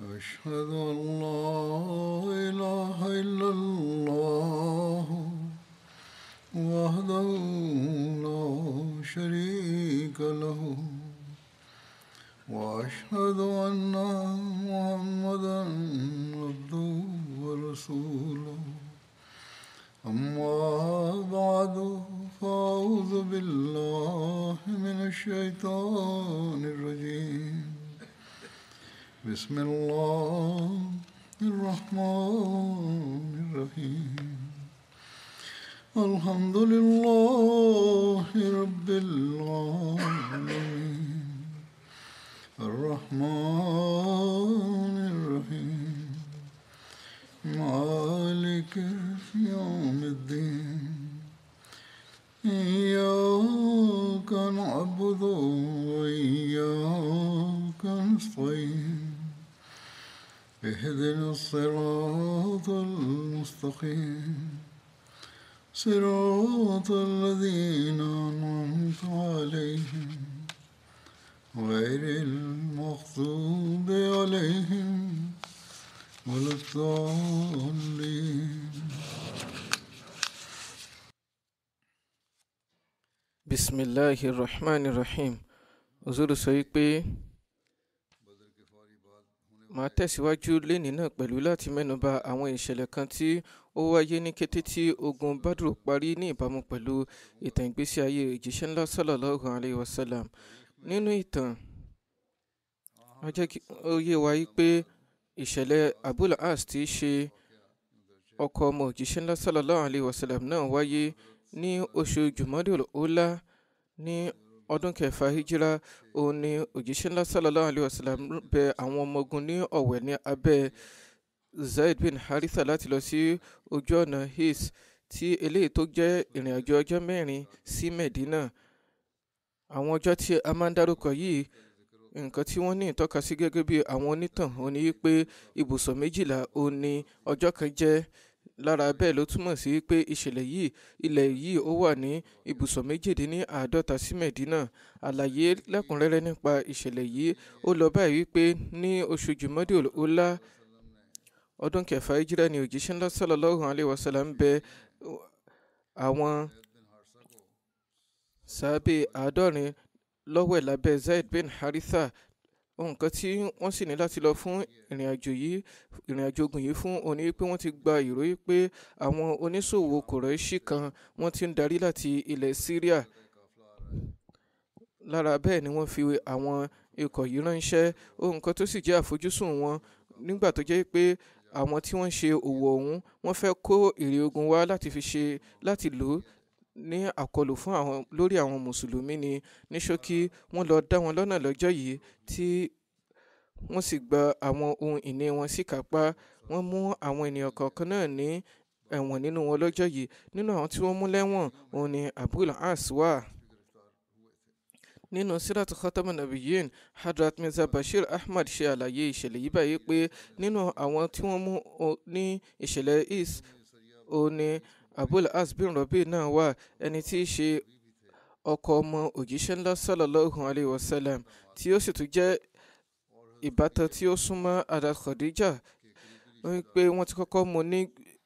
أشهد أن لا إله إلا الله وحده لا شريك له وأشهد أن محمدا عبده ورسوله أما بعد فأعوذ بالله من الشيطان الرجيم بسم الله الرحمن الرحيم الحمد لله رب العالمين الرحمن الرحيم مالك يوم الدين إياك نعبد وإياك نستعين اهدنا الصراط المستقيم صراط الذين أنعمت عليهم غير المغضوب عليهم ولا الضالين بسم الله الرحمن الرحيم حضور سيد màá tẹ̀síwájú lénìí náà pẹ̀lú láti mẹ́nuba àwọn ìṣẹ̀lẹ̀ kan tí ó wáyé ní kété tí ogun badru parí ní ìbámu pẹ̀lú ìtàn ìgbésí ayé ìjíṣẹ́ ńlá sallallahu alayhi wa sallam nínú ìtàn a jẹ́ kí ó yé wa pé ìṣẹ̀lẹ̀ abul as tí í ṣe ọkọ ọmọ òjíṣẹ́ ńlá sallallahu alayhi wa sallam náà wáyé ní oṣù jùmọ́dé ọ̀la ní ọdún kẹfà hijira òun ni òjíṣẹ́ ńlá sallallahu alayhi wa sallam bẹ àwọn ọmọ ogun ní ọ̀wẹ̀ ní abẹ́ Zaid bin Haritha láti lọ sí ojú ọ̀nà His tí eléyìí tó jẹ́ ìrìn àjò ọjọ́ mẹ́rin sí Medina àwọn ọjọ́ tí a máa ń dárúkọ yìí nǹkan tí wọ́n ní ìtọ́ka sí gẹ́gẹ́ bí àwọn onítàn òní pé ibùsọ̀ méjìlá òní ọjọ́ kan jẹ́ lára bẹ́ẹ̀ ló túmọ̀ sí pé ìṣẹ̀lẹ̀ yìí ilẹ̀ yìí ó wà ní ibùsọ̀ méjìdínláàádọ́ta sí Medina àlàyé lẹ́kùnrẹ́rẹ́ nípa ìṣẹ̀lẹ̀ yìí ó lọ báyìí wípé ní oṣù Jùmọ́dé ọlá ọdún kẹfà ìjírà ni òjíṣẹ́ ńlá sallallahu alaihi ń bẹ àwọn sábẹ́ àádọ́rin lọ́wọ́ ẹ̀ lábẹ́ Zaid bin Haritha ohun kan tí wọ́n sì ní láti lọ fún ìrìnàjò yìí ìrìnàjò ogun yìí fún òní pé wọ́n ti gba ìròyìn pé àwọn oníṣòwò kòrẹ́ṣì kan wọ́n ti ń darí láti ilẹ̀ Syria lára bẹ́ẹ̀ ni wọ́n fi àwọn ikọ̀ yìí ránṣẹ́ ohun kan tó sì jẹ́ àfojúsùn wọn nígbà tó jẹ́ pé àwọn tí wọ́n ń ṣe òwò ọ̀hún wọ́n fẹ́ kó èrè ogun wá láti fi ṣe láti lò ó ní àkọlù fún àwọn lórí àwọn mùsùlùmí ni ní ṣókí wọ́n lọ dá wọn lọ́nà lọ́jọ́ yìí tí wọ́n sì gba àwọn ohun ìní wọn sí kápá wọ́n mú àwọn ènìyàn kọ̀ọ̀kan náà ní ẹ̀wọ̀n nínú wọn lọ́jọ́ yìí nínú àwọn tí wọ́n mú lẹ́wọ̀n òun ni Abul As wà nínú síràtú khatama nabiyin Hadrat Mirza Bashir Ahmad ṣe àlàyé ìṣẹ̀lẹ̀ yìí báyìí pé nínú àwọn tí wọ́n mú ní ìṣẹ̀lẹ̀ is òun ni abul as bin rabi náà wà ẹni tí í ṣe ọkọ ọmọ òjíṣẹ́ ńlá sallallahu alayhi wa sallam tí ó sì tún jẹ́ ìbátan tí ó súnmọ́ ada Khadija wípé wọ́n ti kọ́kọ́ mú ní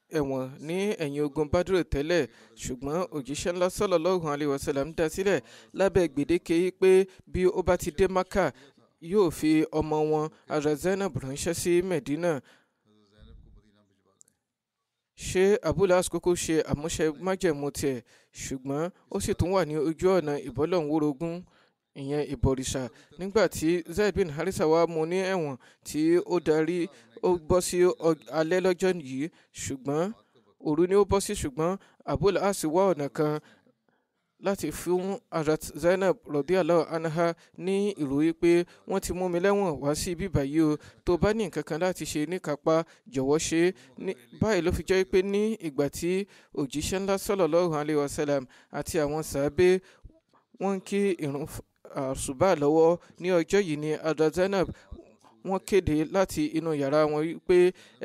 ẹ̀wọ̀n ní ẹ̀yìn ogun Badru tẹ́lẹ̀ ṣùgbọ́n òjíṣẹ́ ńlá sallallahu alayhi wa sallam dá sílẹ̀ lábẹ́ gbèdéke yìí pé bí ó bá ti dé Maka yóò fi ọmọ wọn ara ránṣẹ́ sí Medina ṣé abúlé kúkú ṣe àmúṣe májẹ̀mú tiẹ̀ ṣùgbọ́n ó sì tún wà ní ojú ọ̀nà ìbọ́lọ̀húnrógún ìyẹn ìbọ̀rìṣà nígbà tí Zaid bin Harisa wá mú ní ẹ̀wọ̀n tí ó darí ó bọ́ sí alẹ́ lọ́jọ́ yìí ṣùgbọ́n òru ni ó bọ́ sí ṣùgbọ́n abúlé wá ọ̀nà kan láti fún Hazrat Zainab radiyallahu anha ní ìró wípé wọ́n ti mú mi lẹ́wọ̀n wá sí ibi báyìí o tó bá ní nǹkan kan láti ṣe níkápá jọ̀wọ́ ṣe báyìí ló fi jẹ́ pé ní ìgbà tí òjíṣẹ́ ńlá sallallahu alayhi wa sallam àti àwọn sàábé wọ́n ń kí ìrun àṣùbà lọ́wọ́ ní ọjọ́ yìí ní Hazrat Zainab wọ́n kéde láti inú yàrá wọn wípé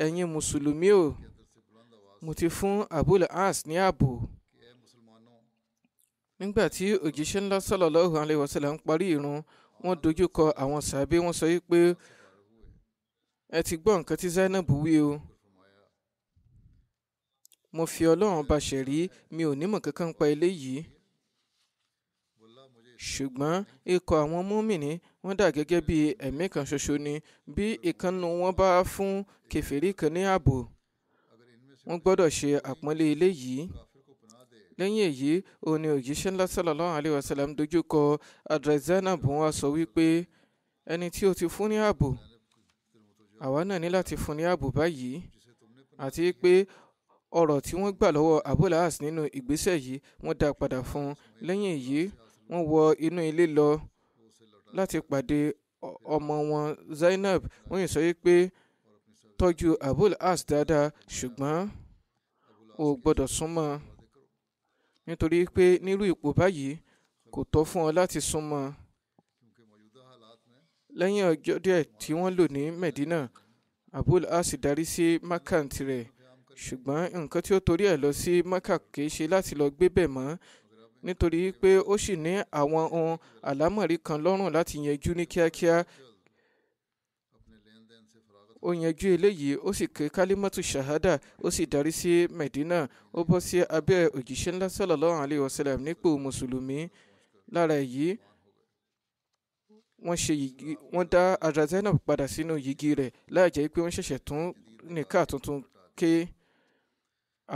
ẹ̀yin mùsùlùmí o mo ti fún Abul As ní ààbò nígbà tí òjíṣẹ́ ńlá sallallahu alaihi wasallam ń parí ìrun wọ́n dojú kọ àwọn sàbí wọ́n sọ wípé ẹ ti gbọ́ nǹkan tí Zainab wí o mo fi ọlọ́run bá ṣẹ̀rí mi ò nímọ̀ kankan pa eléyìí ṣùgbọ́n ikọ̀ àwọn múmìnì wọ́n dà gẹ́gẹ́ bí ẹ̀mí kan ṣoṣo ni bí ìkànnù wọn bá fún kèfèrí kan ní ààbò wọ́n gbọ́dọ̀ ṣe àpọ́nlé eléyìí lẹ́yìn èyí òun ni òjíṣẹ́ ńlá sallallahu alayhi wa sallam dojú kọ adrezanab wọn sọ wípé ẹni tí o ti fún ní ààbò àwa náà ní láti fún ní ààbò báyìí àti pé ọ̀rọ̀ tí wọ́n gbà lọ́wọ́ abúlahas nínú ìgbésẹ̀ yìí wọ́n dá padà fún lẹ́yìn èyí wọ́n wọ inú ilé lọ láti pàdé ọmọ wọn Zainab wọ́n yìí sọ pé tọ́jú abúlahas dáadáa ṣùgbọ́n o gbọ́dọ̀ súnmọ́ nítorí pé nírú ipò báyìí kò tọ́ fún ọ láti súnmọ́ lẹ́yìn ọjọ́ díẹ̀ tí wọ́n lò ní Medina Abul As darí sí Maka tirẹ̀ ṣùgbọ́n nǹkan tí ó torí ẹ̀ lọ sí Maka kìí ṣe láti lọ gbébẹ̀ mọ́ nítorí pé ó sì ní àwọn ohun àlámọ̀rí kan lọ́rùn láti yanjú ní kíákíá ó yanjú eléyìí ó sì ké kálímọ́tù ṣahada ó sì darí sí medina ó bọ́ sí abẹ́ òjíṣẹ́ ńlá sallallahu alayhi wa sallam nípò mùsùlùmí lára èyí wọ́n ṣe yìgì wọ́n dá ara zainab padà sínú yìgì rẹ̀ láì jẹ́ pé wọ́n ṣẹ̀ṣẹ̀ tún nìka tuntun ké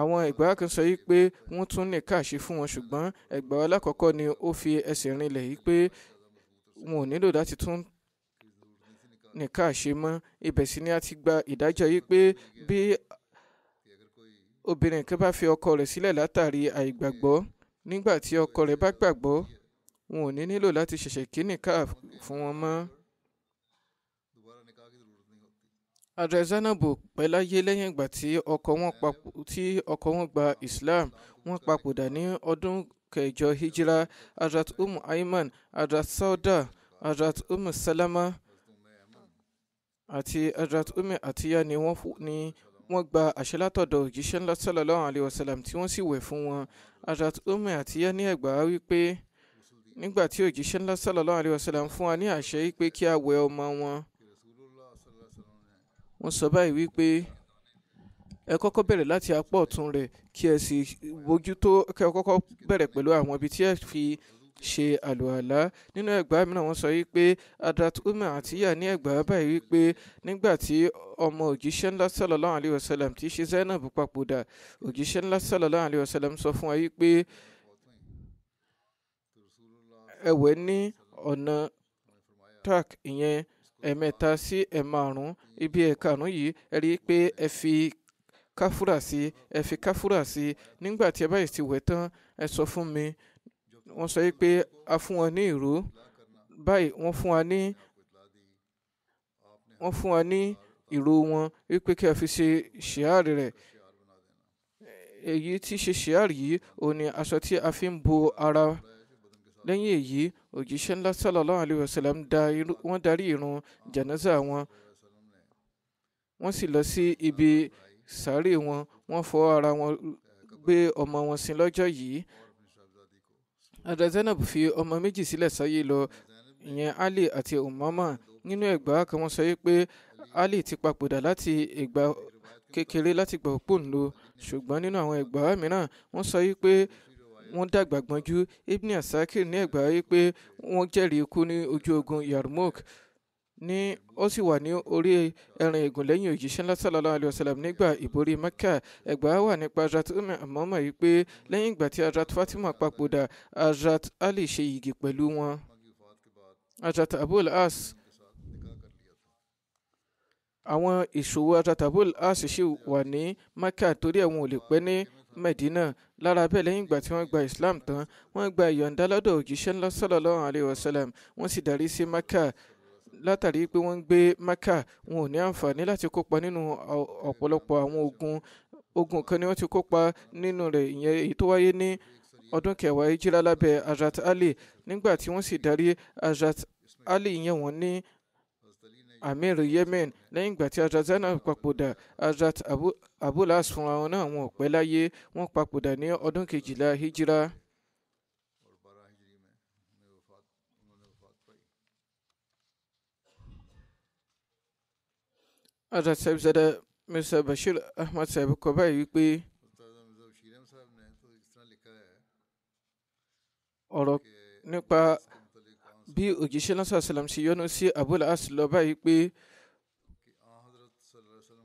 àwọn ẹ̀gbá kan sọ yìí pé wọ́n tún nìka ṣe fún wọn ṣùgbọ́n ẹ̀gbá alákọ̀ọ́kọ́ ni ó fi ẹsẹ̀ rinlẹ̀ yìí pé wọn ò nílò láti tún nìkan ṣe mọ́ ibẹ̀ sì ni a ti gba ìdájọ́ yìí pé bí obìnrin kan bá fi ọkọ rẹ̀ sílẹ̀ látàrí àìgbàgbọ́ nígbà tí ọkọ rẹ̀ bá gbàgbọ́ wọn ò ní nílò láti ṣẹ̀ṣẹ̀ kí nìkan fún wọn mọ́. Ààrẹ Zainabu lẹ́yìn ìgbà tí ọkọ wọn gba Islam wọ́n papòdà ní ọdún kẹjọ hijira Hazrat Umm Ayman Hazrat Sauda Hazrat Umm Salama àti adrat umi àtiyá ni wọ́n ní wọ́n gba àṣẹ látọ̀dọ̀ òjíṣẹ́ ńlá sallallahu alayhi wa sallam tí wọ́n sì wẹ̀ fún wọn adrat umi àtiyá ní ẹ̀gbá wípé nígbà tí òjíṣẹ́ ńlá sallallahu alayhi wa sallam fún wa ní àṣẹ wípé kí a wẹ̀ ọmọ wọn wọ́n sọ báyìí wípé ẹ kọ́kọ́ bẹ̀rẹ̀ láti apá ọ̀tún rẹ̀ kí ẹ sì bójútó kẹ́ ẹ kọ́kọ́ bẹ̀rẹ̀ pẹ̀lú àwọn ibi tí ẹ fi ṣe àlùhàlà nínú ẹgbà mìíràn wọ́n sọ wípé adat umar àtìyà ní ẹgbà báyìí wípé nígbà tí ọmọ òjíṣẹ́ ńlá sallallahu alayhi wa sallam tí í ṣe zainab papòdà òjíṣẹ́ ńlá sallallahu alayhi wa sallam sọ fún wa wípé ẹ̀wẹ̀ ní ọ̀nà tak ìyẹn ẹ̀mẹ́ta sí ẹ̀márùn-ún ibi ẹ̀karùn-ún yìí ẹ rí i pé ẹ fi káfúrà sí ẹ fi káfúrà sí nígbà tí ẹ báyìí ti wẹ̀ tán ẹ sọ fún mi wọ́n sọ pé a fún wọn ní ìró báyìí wọ́n fún wa ní wọ́n fún wa ní ìró wọn wípé kí a fi ṣe ṣìárì rẹ̀ èyí tí ṣe ṣìárì yìí òun ni aṣọ tí a fi ń bo ara lẹ́yìn èyí òjíṣẹ́ ńlá sallallahu alaihi wasallam wọ́n darí ìrun jànáza wọn wọ́n sì lọ sí ibi sàárè wọn wọ́n fọ ara wọn gbé ọmọ wọn sin lọ́jọ́ yìí Ada Zainab fi ọmọ méjì sílẹ̀ sáyé lọ ìyẹn Ali àti Umama nínú ẹgbà kan wọ́n sọ pé Ali ti papòdà láti ìgbà kékeré láti gbà lo ṣùgbọ́n nínú àwọn ẹgbà mìíràn wọ́n sọ pé wọ́n dàgbà gbọ́njú Ibn Asakir ní ẹgbà pé wọ́n jẹ́rìí ikú ní ojú ogun Yarmouk ní ó sì wà ní orí ẹ̀rìn ìgùn lẹ́yìn òjíṣẹ́ ńlá sallallahu alayhi wa sallam nígbà ìborí mẹ́kà ẹ̀gbà wà nípa Hazrat Umm Mama yìí pé lẹ́yìn ìgbà tí Hazrat Fatima papòdà Hazrat Ali ṣe yìgì pẹ̀lú wọn Hazrat Abul As àwọn ìṣòwò Hazrat Abul As ṣì wà ní mẹ́kà torí ẹ̀wọ̀n ò lè pẹ́ ní Medina lára bẹ́ẹ̀ lẹ́yìn ìgbà tí wọ́n gba Islam tán wọ́n gba ìyọ̀ǹda lọ́dọ̀ òjíṣẹ́ ńlá sallallahu alayhi wa sallam wọ́n sì darí sí mẹ́kà látàrí pé wọ́n ń gbé Mẹ́kà wọn ò ní àǹfààní láti kópa nínú ọ̀pọ̀lọpọ̀ àwọn ogun ogun kan ni wọ́n ti kópa nínú rẹ̀ ìyẹn èyí tó wáyé ní ọdún kẹwàá ìjìlá lábẹ́ Hazrat Ali nígbà tí wọ́n sì darí Hazrat Ali yẹn wọ́n ní amir Yemen lẹ́yìn ìgbà tí Hazrat Zainab papòdà Hazrat Abu Las fúnra wọn náà wọn ò pẹ́ láyé wọ́n papòdà ní ọdún kejìlá hijira. ada sahibzada Mr. bashir Ahmed sahib kọ báyìí wípé ọ̀rọ̀ nípa bí òjíṣẹ́ lọ́sọ̀ sàlám sí yọ́nú sí abul as lọ báyìí pé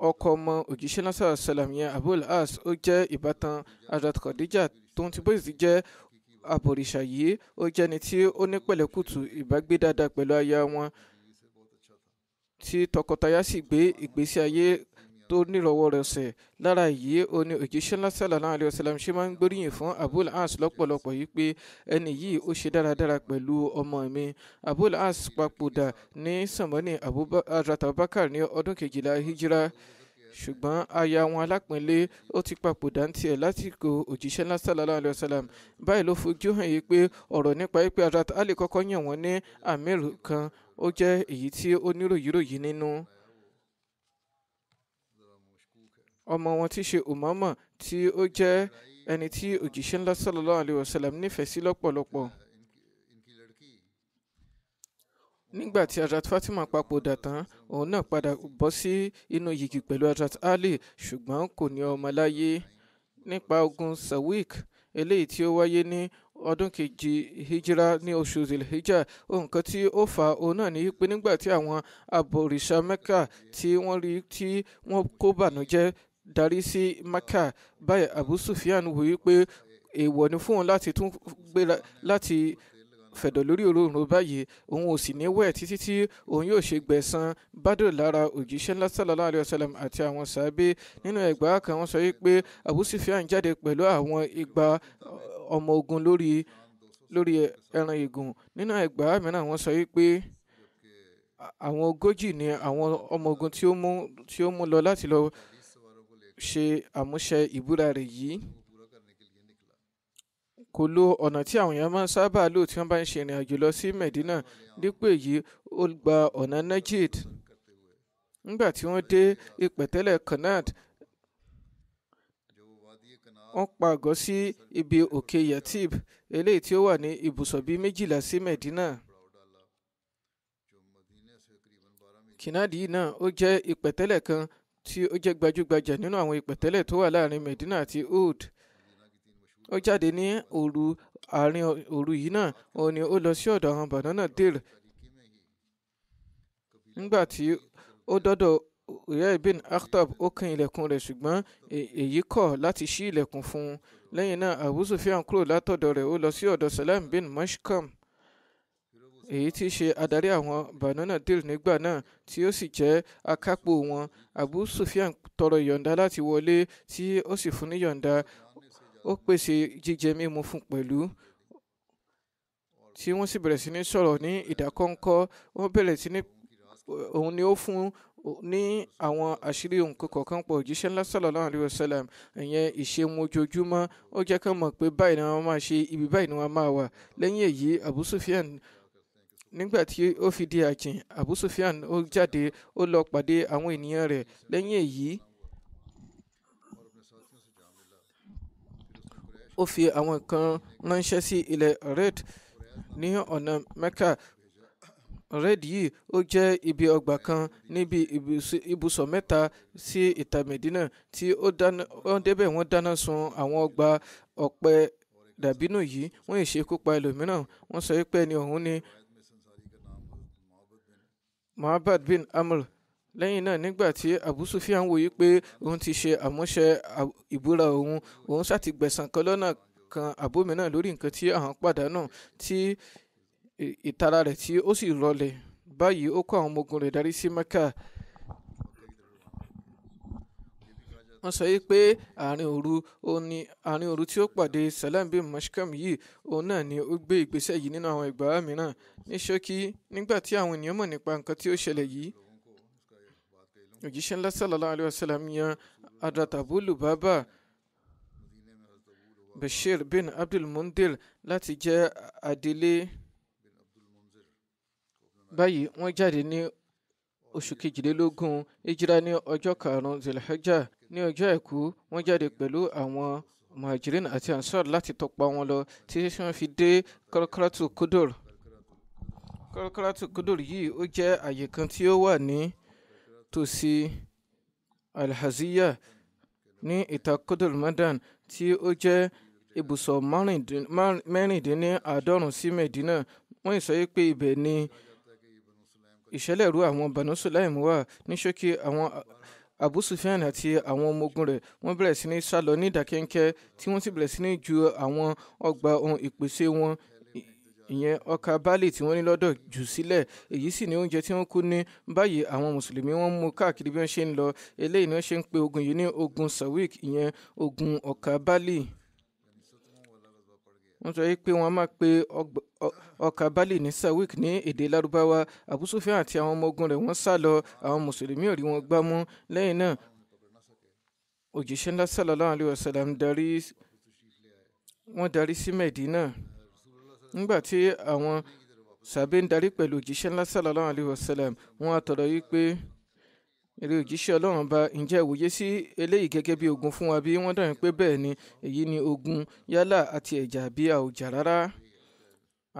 ọkọ ọmọ òjíṣẹ́ lọ́sọ̀ sàlám yẹn abul as ó jẹ́ ìbátan adat kọ̀díjà tó ń ti bó sì jẹ́ àbòrìṣà yìí ó jẹ́ni tí ó ní pẹ̀lẹ́kùtù ìbágbé dáadáa pẹ̀lú aya wọn tí tọkọtaya sì gbé ìgbésí ayé tó nírọ̀wọ́ rẹ̀ sẹ̀ lára èyí ó ní òjíṣẹ́ ńlá sallallahu alaihi wasallam ṣe máa ń gbóríyìn fún abul as lọ́pọ̀lọpọ̀ yìí pé ẹni yìí ó ṣe dáradára pẹ̀lú ọmọ mi abul as papòdà ní sàmọ́nì abubakar ní ọdún kejìlá hijira ṣùgbọ́n aya wọn alápínlẹ̀ ó ti papòdà ń tiẹ̀ lásìkò òjíṣẹ́ ńlá sallallahu alayhi wa sallam báyìí ló fojú hàn yìí pé ọ̀rọ̀ nípa pé Hazrat Ali ó jẹ́ èyí tí ó níròyìnròyìn nínú ọmọ wọn tí ṣe Umama tí ó jẹ́ ẹni tí òjíṣẹ́ ńlá sallallahu alaihi wasallam nífẹ̀ẹ́ sí lọ́pọ̀lọpọ̀ nígbà tí Hazrat Fatima papòdà tán òun náà padà bọ́ sí inú yìgì pẹ̀lú Hazrat Ali ṣùgbọ́n kò ní ọmọ láyé nípa ogun Sawik eléyìí tí ó wáyé ní ọdún kejì hijira ní oṣù zilhijjah nǹkan tí ó fà òun náà ní pé nígbà tí àwọn abòrìṣà mẹ́kà tí wọ́n rí tí wọ́n kó bànújẹ́ darí sí mẹ́kà báyìí abu sufiyan wí pé èèwọ̀ ni fún òun láti tún gbé láti fẹ̀dọ̀ lórí òróòrùn báyìí òun ò sì ní wẹ̀ títí tí òun yóò ṣe gbẹ̀san bádùn lára òjíṣẹ́ ńlá sallallahu alaihi wasallam àti àwọn sàábé nínú ẹgbàá kan wọ́n sọ wípé Abu Sufyan jáde pẹ̀lú àwọn igba ọmọ ogun lórí lórí ẹran ìgùn nínú ẹgbàá mìíràn wọ́n sọ wípé àwọn ogójì ni àwọn ọmọ ogun tí ó mú tí ó mú lọ láti lọ ṣe àmúṣẹ ìbúra rẹ̀ yìí kò lo ọ̀nà tí àwọn èèyàn máa ń sábà lò tí wọ́n bá ń ṣe ìrìn àjò lọ sí Medina dípò èyí ó gba ọ̀nà Najid nígbà tí wọ́n dé ìpẹ̀tẹ́lẹ̀ Kanat wọ́n pàgọ́ sí ibi òkè yatib eléyìí tí ó wà ní ibùsọ̀ bíi méjìlá sí medina kinadi yìí náà ó jẹ́ ìpẹ̀tẹ́lẹ̀ kan tí ó jẹ́ gbajúgbajà nínú àwọn ìpẹ̀tẹ́lẹ̀ tó wà láàrin medina àti oud ó jáde ní òru àárín òru yìí náà òun ni ó lọ sí ọ̀dọ̀ àwọn banana dale nígbà tí ó dọ́dọ̀ ìyá ibn akhtab ó kan ilẹ̀kùn rẹ̀ ṣùgbọ́n èyí kọ̀ láti ṣí ilẹ̀kùn fún un lẹ́yìn náà abu sufyan kúrò látọ̀dọ̀ rẹ̀ ó lọ sí ọ̀dọ̀ salam bin mashkam èyí tí í ṣe adarí àwọn banana deal nígbà náà tí ó sì jẹ́ akápò wọn abu sufyan tọrọ yọ̀ǹda láti wọlé tí ó sì fún ní yọ̀ǹda ó pèsè jíjẹ mímu fún pẹ̀lú tí wọ́n sì bẹ̀rẹ̀ sí ní sọ̀rọ̀ ní ìdákọ́ńkọ́ wọ́n bẹ̀rẹ̀ sí ní òun ni ó fún ní àwọn àṣírí nǹkan kọ̀ọ̀kan pọ̀ òjíṣẹ́ ńlá sallallahu alaihi wasallam ìyẹn ìṣe wọn ojoojúmọ́ ó jẹ́ ká mọ̀ pé báyìí ni wọ́n máa ṣe ibi báyìí ni wọ́n máa wà lẹ́yìn èyí Abu Sufyan nígbà tí ó fi di àjìn Abu Sufyan ó jáde ó lọ pàdé àwọn ènìyàn rẹ̀ lẹ́yìn èyí ó fi àwọn kan ránṣẹ́ sí ilẹ̀ red ní ọ̀nà Mecca red yìí ó jẹ́ ibi ọgbà kan níbi ibùsọ̀ mẹ́ta sí ìta medina tí wọ́n débẹ̀ wọ́n dáná sun àwọn ọgbà ọ̀pẹ dàbínú yìí wọ́n yìí ṣekú pa ẹlòmíràn wọ́n sọ pé ẹni ọ̀hún ni mohammed bin amr lẹ́yìn náà nígbà tí abu sufiyan wòye pé òun ti ṣe àmúṣe ìbúra òun òun ṣàtìgbẹ̀sán kan lọ́nà kan àbómi náà lórí nǹkan tí àwọn pàdánù tí ìtara rẹ̀ tí ó sì rọlẹ̀ báyìí ó kó àwọn ọmọ ogun rẹ̀ darí sí mẹ́kà wọ́n sọ yìí pé àárín òru òní àárín òru tí ó pàdé salam bin mashkam yìí òun náà ni ó gbé ìgbésẹ̀ yìí nínú àwọn ìgbà mìíràn ní ṣókí nígbà tí àwọn ènìyàn mọ̀ nípa nǹkan tí ó ṣẹlẹ̀ yìí òjíṣẹ́ ńlá sallallahu alayhi wa sallam yan adratabulu baba bashir bin abdul mundir láti jẹ́ adelé báyìí wọ́n jáde ní oṣù kejìlélógún ìjìrá ní ọjọ́ karùn-ún zilhijjah ní ọjọ́ àìkú wọ́n jáde pẹ̀lú àwọn muhajirin àti ansar láti tọpa wọn lọ tí wọ́n fi dé kọ́rọ́kọ́rọ́tù kódòr kọ́rọ́kọ́rọ́tù kódòr yìí ó jẹ́ àyè kan tí ó wà ní tòsí alhaziya ní ìta kódòr madan tí ó jẹ́ ibùsọ̀ mẹ́rìndínláàádọ́rùn sí medina wọ́n sọ pé ibẹ̀ ni ìṣẹ̀lẹ̀ ru àwọn Banu Sulaim wà ní ṣókí àwọn Abu Sufyan àti àwọn ọmọ ogun rẹ̀ wọ́n bẹ̀rẹ̀ sí ní sálọ ní ìdákẹ́ńkẹ́ tí wọ́n sì bẹ̀rẹ̀ sí ní ju àwọn ọgbà ohun ìpèsè wọn ìyẹn ọkà baálé tí wọ́n ní lọ́dọ̀ jù sílẹ̀ èyí sì ni oúnjẹ tí wọ́n kú ní báyìí àwọn mùsùlùmí wọ́n mú káàkiri bí wọ́n ṣe ń lọ eléyìí ni wọ́n ṣe ń pe ogun yìí ní ogun sawik ìyẹn ogun ọkà baálé wọ́n sọ pé wọ́n máa pe ọkà balẹ̀ ní sawik ní èdè lárúbáwá Abu Sufyan àti àwọn ọmọ ogun rẹ̀ wọ́n sá lọ àwọn mùsùlùmí ò rí wọn gbá mú lẹ́yìn náà òjíṣẹ́ ńlá sallallahu alaihi wasallam darí wọ́n darí sí Medina nígbà tí àwọn sàbẹ̀ ń darí pẹ̀lú òjíṣẹ́ ńlá sallallahu alaihi wasallam wọ́n á yìí pé èrè òjíṣẹ́ ọlọ́run bá ǹjẹ́ ìwòye sí eléyìí gẹ́gẹ́ bí ogun fún wa bí wọ́n dàbí pé bẹ́ẹ̀ ni èyí ni ogun yálà àti ẹ̀jà bí a ò jà rárá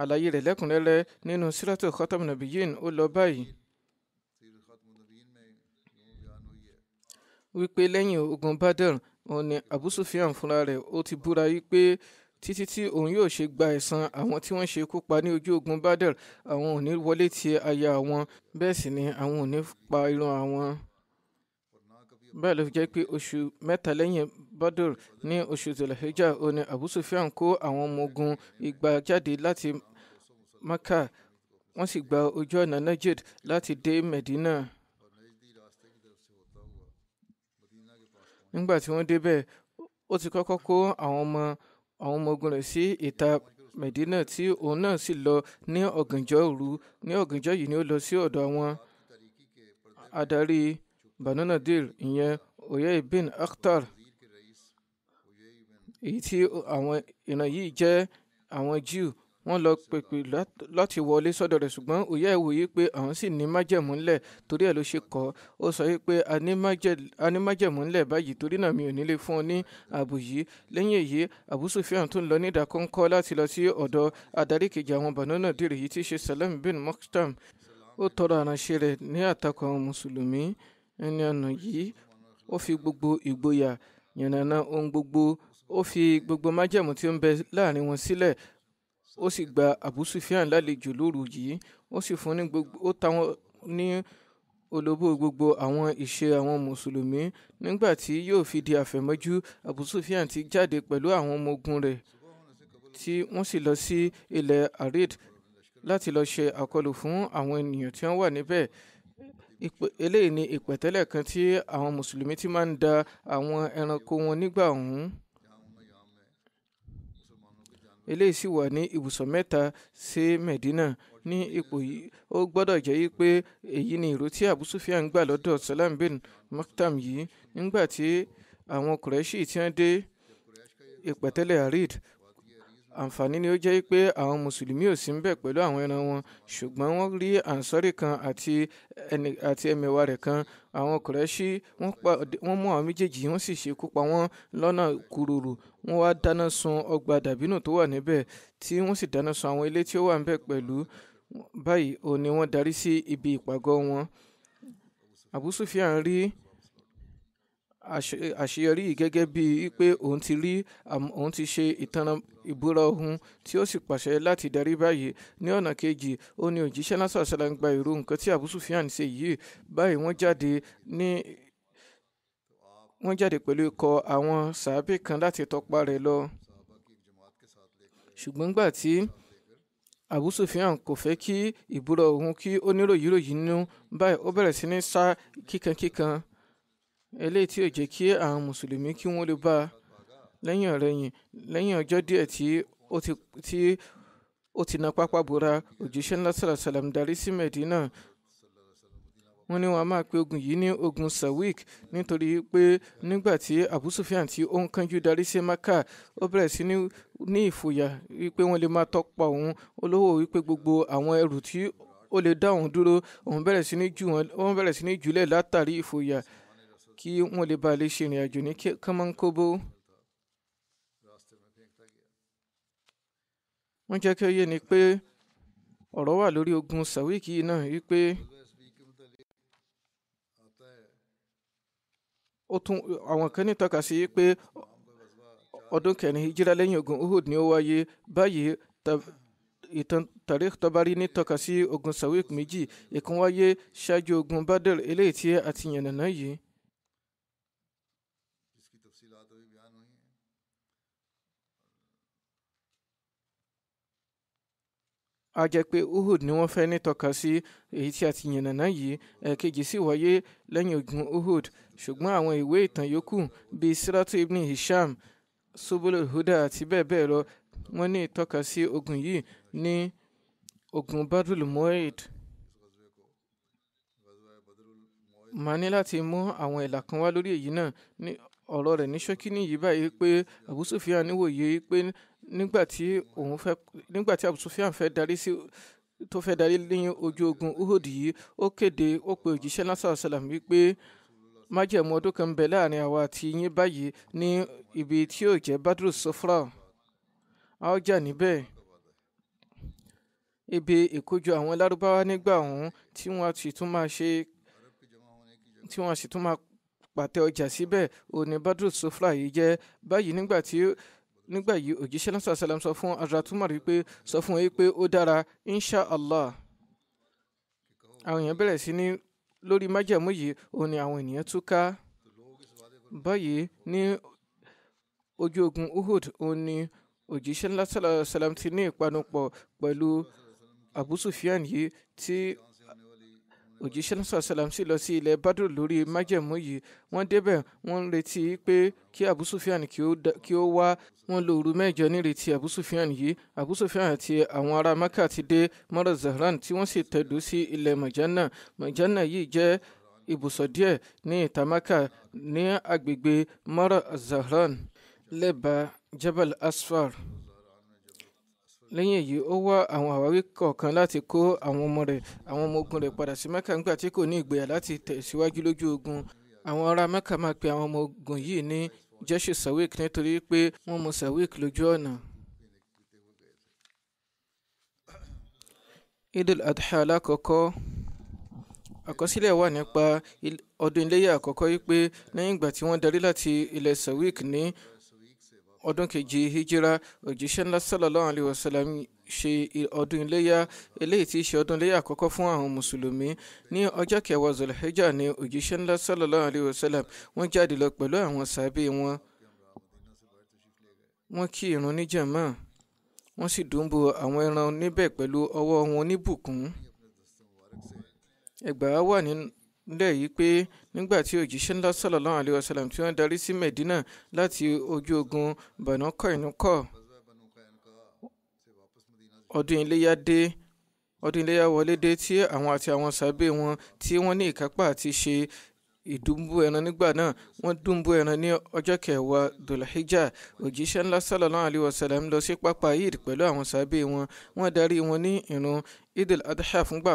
àlàyé rẹ̀ lẹ́kùnrẹ́rẹ́ nínú sírọ́tò Khatamun Nabiyyin ó lọ báyìí wípé lẹ́yìn ogun Badr òun ni Abu fúnra rẹ̀ ó ti búra wípé títí tí òun yóò ṣe gba ẹ̀san àwọn tí wọ́n ṣe ikú pa ní ojú ogun Badr àwọn ò ní wọlé ti aya àwọn bẹ́ẹ̀ sì ni àwọn ò ní pa irun àwọn bẹ́ẹ̀ ló fi jẹ́ pé oṣù mẹ́ta lẹ́yìn Badr ní oṣù Zulhijjah ó ní Abu kó àwọn ọmọ ogun igba jáde láti Maka wọ́n sì gba ojú ọ̀nà Najd láti dé Medina. nígbà tí wọ́n débẹ̀ ó ti kọ́kọ́ kó àwọn ọmọ àwọn ọmọ ogun rẹ̀ sí ìta Medina tí òun náà sì lọ ní ọ̀gànjọ́ òru ní ọ̀gànjọ́ yìí ni ó lọ sí ọ̀dọ̀ àwọn adarí Banu Nadir ìyẹn Oyey bin Akhtar èyí tí àwọn ìran yìí jẹ́ àwọn Jew wọ́n lọ pèpè láti wọlé sọ́dọ̀ rẹ̀ ṣùgbọ́n òye ẹ̀wò yìí pé àwọn sì ní májẹ̀mú ńlẹ̀ torí ẹ̀ ló ṣe kọ́ ó sọ yìí pé a ní májẹ̀mú ńlẹ̀ báyìí torí náà mi ò ní fún ọ ní ààbò yìí lẹ́yìn èyí Abu Sufyan tún lọ ní ìdákọ́ńkọ́ láti lọ sí ọ̀dọ̀ adarí kejì àwọn Banu Nadir yìí tí ṣe Salam bin Mukhtam ó tọrọ àránṣe rẹ̀ ní àtakò àwọn mùsùlùmí ẹni ọ̀nà yìí ó fi gbogbo ìgboyà yànnàná ohun gbogbo ó fi gbogbo májẹ̀mú tí ó ń bẹ láàrin wọn sílẹ̀ ó sì gba Abu Sufyan lálejò lóru yìí ó sì fún ní gbogbo ó ta wọn ní olóbó gbogbo àwọn ìṣe àwọn mùsùlùmí nígbà tí yóò fi di àfẹ̀mọ́jú Abu Sufyan ti jáde pẹ̀lú àwọn ọmọ ogun rẹ̀ tí wọ́n sì lọ sí ilẹ̀ arid láti lọ ṣe àkọlù fún àwọn ènìyàn tí wọ́n wà níbẹ̀ eléyìí ni ìpẹ̀tẹ́lẹ̀ kan tí àwọn mùsùlùmí ti máa ń da àwọn ẹranko wọn nígbà ọ̀hún eléyìí sì wà ní ibùsọ̀ mẹ́ta sí Medina ní ipò yìí ó gbọ́dọ̀ jẹ́ yí pé èyí ni ìró tí Abu Sufyan gbà lọ́dọ̀ Salam bin Maktam yìí nígbà tí àwọn Kùrẹ́ṣì tí wọ́n dé ìpẹ̀tẹ́lẹ̀ Harid àǹfààní ni ó jẹ́ pé àwọn mùsùlùmí ò sí ń bẹ̀ pẹ̀lú àwọn ẹran wọn ṣùgbọ́n wọ́n rí ànsọ́rì kan àti ẹni àti ẹmẹ̀wà rẹ̀ kan àwọn kùrẹ́ṣí wọ́n mú àwọn méjèèjì wọ́n sì ṣekú pa wọ́n lọ́nà kúròrò wọ́n wá dáná sun ọgbà dàbínù tó wà níbẹ̀ tí wọ́n sì dáná sun àwọn ilé tí ó wà níbẹ̀ pẹ̀lú báyìí òun ni wọ́n darí sí ibi ìpàgọ́ wọn Abu Sufyan rí àṣeyọrí yìí gẹ́gẹ́ bíi pé òun ti rí òun ti ṣe ìtanràn ìbúra ohun tí ó sì pàṣẹ láti darí báyìí ní ọ̀nà kejì ó ní òjíṣẹ́ lásán àṣàlà ń gba ìró nǹkan tí Abu Sufyan ṣe yìí báyìí wọ́n jáde ní wọ́n jáde pẹ̀lú ikọ̀ àwọn sàábì kan láti tọpa rẹ̀ lọ ṣùgbọ́n gbà tí Abu Sufyan kò fẹ́ kí ìbúra ohun kí oníròyìnròyìn nínú báyìí ó bẹ̀rẹ̀ sí ní sá kíkankíkan. Kíkan eléyìí tí yóò jẹ́ kí àwọn mùsùlùmí kí wọ́n lè bá a lẹ́yìn ọ̀rẹ́yìn lẹ́yìn ọjọ́ díẹ̀ tí ó ti tí na pápá bora òjíṣẹ́ ńlá sàlàsàlàm darí sí Medina wọ́n ní wọ́n máa pe ogun yìí ní ogun Sawik nítorí pé nígbà tí Abu Sufyan tí ó ń kánjú darí sí Maka ó bẹ̀rẹ̀ sí ní ìfòyà wípé wọ́n lè máa tọpa òun olówó wípé gbogbo àwọn ẹrù tí ó lè dá òun dúró òun bẹ̀rẹ̀ sí ní jùlẹ̀ látàrí ìfòyà kí wọ́n lè ba lè ṣe ìrìn àjò ní kánmọ́nkóbó. wọ́n jẹ́ kí ó yé ni pé ọ̀rọ̀ wà lórí ogun sàwíkì náà wípé ó tún àwọn kan ní tọ́ka sí pé ọdún kẹrin hijira lẹ́yìn ogun Uhud ni ó wáyé báyìí ìtàn Tarikh Tabari ní tọ́ka sí ogun sawik méjì ìkan wáyé ṣáájú ogun Badr eléyìí tí a ti yànnàná yìí. a jẹ́ pé Uhud ni wọ́n fẹ́ nítọ́ka sí èyí tí a ti yànnàná yìí ẹ̀ẹ̀kejì sì wáyé lẹ́yìn ogun Uhud ṣùgbọ́n àwọn ìwé ìtàn yòókù bíi Siratu Ibn Hisham Subulul Huda àti bẹ́ẹ̀ bẹ́ẹ̀ lọ wọ́n ní ìtọ́ka sí ogun yìí ní ogun Badrul Mu'ahid màá ní láti mú àwọn ìlà kan wá lórí èyí náà ọ̀rọ̀ rẹ̀ ní ṣókí nìyí báyìí pé Abu Sufyan pé nígbà tí òun fẹ́ nígbà tí Abu Sufyan fẹ́ darí sí tó fẹ́ darí lẹ́yìn ojú ogun Uhud yìí ó kéde ó pe òjíṣẹ́ lásán sàlám wípé májẹ̀mú ọdún kan bẹ láàrin àwa àti yín báyìí ní ibi tí yóò jẹ́ Badru Sofra a ó jà níbẹ̀ ibi ìkójọ àwọn lárúbáwá nígbà ọ̀hún tí wọ́n sì tún máa ṣe tí wọ́n sì tún máa pàtẹ ọjà síbẹ̀ òní Badru Sofra yìí jẹ́ báyìí nígbà tí nígbà yìí òjíṣẹ́ náà sàṣàlám sọ fún Hazrat Umar wípé sọ fún wọn pé ó dára insha allah àwọn èèyàn bẹ̀rẹ̀ sí ní lórí májẹ̀mú yìí òun ni àwọn ènìyàn túká báyìí ní ojú ogun Uhud òun ni òjíṣẹ́ náà sàṣàlám ti ní ìpanupọ̀ pẹ̀lú Abu Sufyan yìí tí òjíṣẹ́ náà sàlám sí lọ sí ilẹ̀ Badru lórí májẹ̀mú yìí wọ́n débẹ̀ wọ́n ń retí pé kí Abu Sufyan kí ó wá wọ́n lo òru mẹ́jọ nírètí Abu Sufyan yìí Abu Sufyan àti àwọn ará Maka ti dé mọ́rọ̀ Zahran tí wọ́n sì tẹ̀dó sí ilẹ̀ Majana Majana yìí jẹ́ ibùsọ̀ díẹ̀ ní ìta Maka ní agbègbè mọ́rọ̀ Zahran lẹ́bàá Jabal Asfar lẹ́yìn èyí ó wá àwọn àwárí kọ̀ọ̀kan láti kó àwọn ọmọ rẹ̀ àwọn ọmọ ogun rẹ̀ padà sí mẹ́kà nígbà tí kò ní ìgboyà láti tẹ̀síwájú lójú ogun àwọn ará mẹ́kà máa pe àwọn ọmọ ogun yìí ní jésù sawik nítorí pé wọ́n mú sawik lójú ọ̀nà. idil adha alákọ̀ọ́kọ́ àkọsílẹ̀ wà nípa ọdún iléyà àkọ́kọ́ yìí pé lẹ́yìn ìgbà tí wọ́n darí láti ilẹ̀ sawik ní ọdún kejì hijira òjíṣẹ́ ńlá sallallahu alaihi wasallam ṣe ọdún iléyà eléyìí tí í ṣe ọdún iléyà àkọ́kọ́ fún àwọn mùsùlùmí ní ọjọ́ kẹwàá zulhijja ní òjíṣẹ́ ńlá sallallahu alaihi wasallam wọ́n jáde lọ pẹ̀lú àwọn sàábì wọn wọ́n kí irun ní jàmá wọ́n sì dùnbò àwọn ẹran níbẹ̀ pẹ̀lú ọwọ́ wọn oníbùkún ẹgbàá wà nílẹ̀ yìí pé nígbà tí òjíṣẹ́ ńlá sallallahu alayhi wa sallam tí wọ́n darí sí Medina láti ojú ogun Banu Qaynuqa ọdún iléyà dé ọdún iléyà wọlé dé tí àwọn àti àwọn sàbẹ̀ wọn tí wọ́n ní ìkápá àti ṣe ìdúnbú ẹran nígbà náà wọ́n dúnbú ẹran ní ọjọ́ kẹwàá dùlàhíjà òjíṣẹ́ ńlá sallallahu alayhi wa sallam lọ sí pápá Eid pẹ̀lú àwọn sàbẹ̀ wọn wọ́n darí wọn ní ìrun Eid al-Adha fúngbà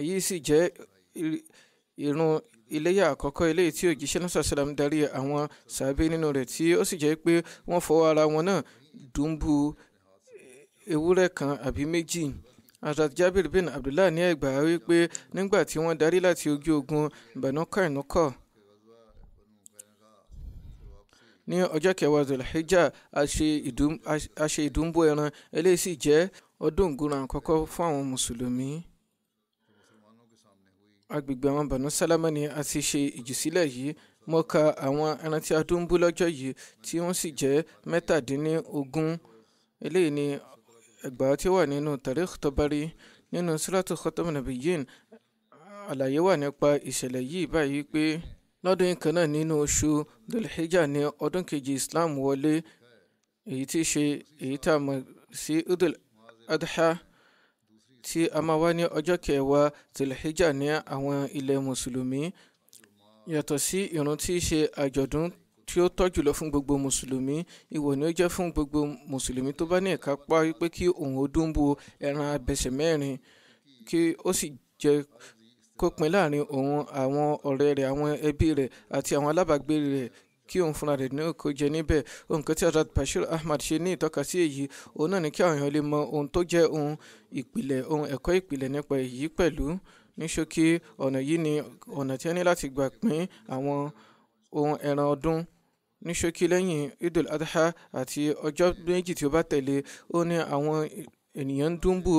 èyí sì jẹ́ irun iléyà àkọ́kọ́ eléyìí tí òjíṣẹ́ náà sàṣàlám darí àwọn sàbẹ̀ nínú rẹ̀ tí ó sì jẹ́ pé wọ́n fọwọ́ ara wọn náà dùnbù ewúrẹ́ kan àbí méjì Hazrat Jabir bin Abdullah ní ẹgbà wípé nígbà tí wọ́n darí láti ojú ogun bẹ̀nukọ̀ẹ̀nukọ̀ ní ọjọ́ kẹwàá zulhijjah a ṣe ìdúnbò ẹran eléyìí sì jẹ́ ọdún ìgúnran àkọ́kọ́ fún àwọn mùsùlùmí agbègbè àwọn Banu Salama ni a ti ṣe ìjùsílẹ̀ yìí mo ka àwọn ẹran tí a dún bú lọ́jọ́ yìí tí wọ́n sì jẹ́ mẹ́tàdínlógún eléyìí ni ẹgbà tí ó wà nínú Tarikh Tabari nínú Suratu Khatamun Nabiyyin àlàyé wà nípa ìṣẹ̀lẹ̀ yìí báyìí pé lọ́dún yìí kan náà nínú oṣù Dhul-Hijjah ọdún kejì Islam wọlé èyí tí ṣe èyí tá a mọ̀ sí Idul Adha tí a máa wá ní ọjọ́ kẹwàá tìlẹ̀híjà ní àwọn ilẹ̀ mùsùlùmí yàtọ̀ sí ìrun tí í ṣe àjọ̀dún tí ó tọ́ jùlọ fún gbogbo mùsùlùmí ìwọ̀ ni ó jẹ́ fún gbogbo mùsùlùmí tó bá ní ìkápá wípé kí òun ó dúnbò ẹran abẹsẹ̀ mẹ́rin kí ó sì jẹ kó láàrin òun àwọn ọ̀rẹ́ rẹ̀ àwọn ẹbí rẹ̀ àti àwọn alábàágbé rẹ̀ kí òun fúnra rẹ̀ ní òkò jẹ níbẹ̀ nǹkan tí Hazrat Bashir Ahmad ṣe ní ìtọ́ka sí èyí òun náà ní kí àwọn èèyàn lè mọ ohun tó jẹ́ ohun ìpìlẹ̀ ohun ẹ̀kọ́ ìpìlẹ̀ nípa èyí pẹ̀lú ní ṣókí ọ̀nà yìí ni ọ̀nà tí a ní láti gbà pín àwọn ohun ẹran ọdún ní ṣókí lẹ́yìn Idul Adha àti ọjọ́ méjì tí ó bá tẹ̀lé ó ní àwọn ènìyàn ń dúnbù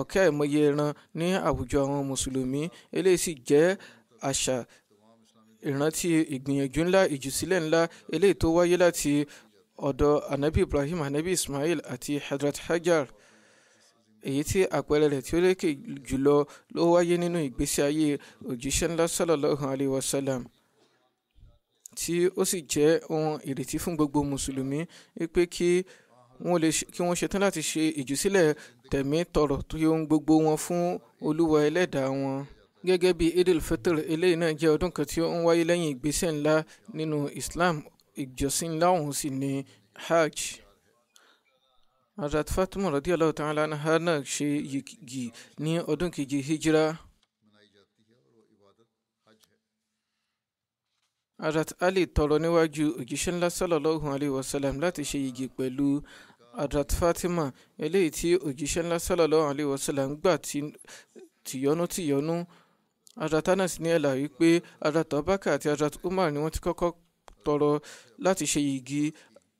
ọ̀kẹ́ àìmọye ní àwùjọ àwọn mùsùlùmí eléyìí sì jẹ́ àṣà ìrántí ìgbìyànjú ńlá ìjùsílẹ̀ ńlá eléyìí tó wáyé láti ọ̀dọ̀ anabi ibrahim anabi ismail àti hadrat hajar èyí tí àpẹẹrẹ rẹ̀ tí ó lékè jùlọ ló wáyé nínú ìgbésí ayé òjíṣẹ́ ńlá sallallahu alayhi wa sallam tí ó sì jẹ́ ohun ìrètí fún gbogbo mùsùlùmí pé kí wọ́n lè kí wọ́n ṣetán láti ṣe ìjùsílẹ̀ tẹ̀mí tọrọ tó yẹ ohun gbogbo wọn fún olúwa ẹlẹ́dàá wọn gẹ́gẹ́ bí eid al-fitr eléyìí náà jẹ́ ọdún kan tí ó ń wáyé lẹ́yìn ìgbésẹ̀ ńlá nínú Islam ìjọsìn ńlá ọ̀hún sì ní hajj. Hazrat Fatima radiyallahu ta'ala anha náà ṣe yìgì ní ọdún keje hijra. Hazrat Ali tọrọ níwájú òjíṣẹ́ ńlá sallallahu alayhi wa sallam láti ṣe yìgì pẹ̀lú Hazrat Fatima eléyìí tí òjíṣẹ́ ńlá sallallahu alayhi wa sallam gbà tìyọ́nú tìyọ́nú. Hazrat Anas ní ẹ̀là wípé Hazrat Abubakar àti Hazrat Umar ni wọ́n ti kọ́kọ́ tọrọ láti ṣe yìgì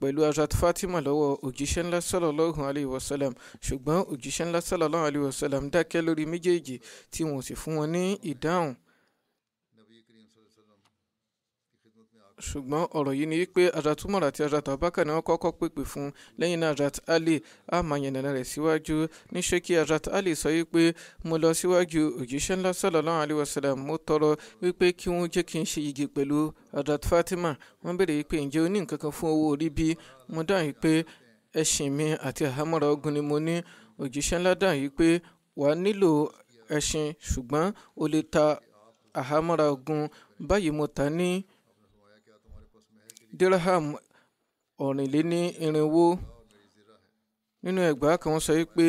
pẹ̀lú Hazrat Fatima lọ́wọ́ òjíṣẹ́ ńlá sallallahu alayhi wa sallam ṣùgbọ́n òjíṣẹ́ ńlá sallallahu alayhi wa sallam dákẹ́ lórí méjèèjì tí wọ́n sì fún wọn ní ìdáhùn. ṣùgbọ́n ọ̀rọ̀ yìí ni wípé Hazrat Umar àti Hazrat Abubakar ni wọ́n kọ́kọ́ pèpè fún lẹ́yìn náà Hazrat Ali a máa yànnàná rẹ̀ síwájú ní ṣókí Hazrat Ali sọ wípé mo lọ síwájú òjíṣẹ́ ńlá sallallahu alaihi wasallam mo tọrọ wípé kí wọ́n jẹ́ kí n ṣe yìgì pẹ̀lú Hazrat Fatima wọ́n béèrè wípé ǹjẹ́ o ní nǹkan fún owó orí bí mo dáhùn wípé ẹṣin mi àti àhámọ́ra ni mo ní òjíṣẹ́ ńlá dáhùn wípé wàá nílò ẹṣin ṣùgbọ́n o báyìí mo ta ní dirham ọ̀rìnlénírinwó nínú ẹgbàá kan wọ́n sọ pé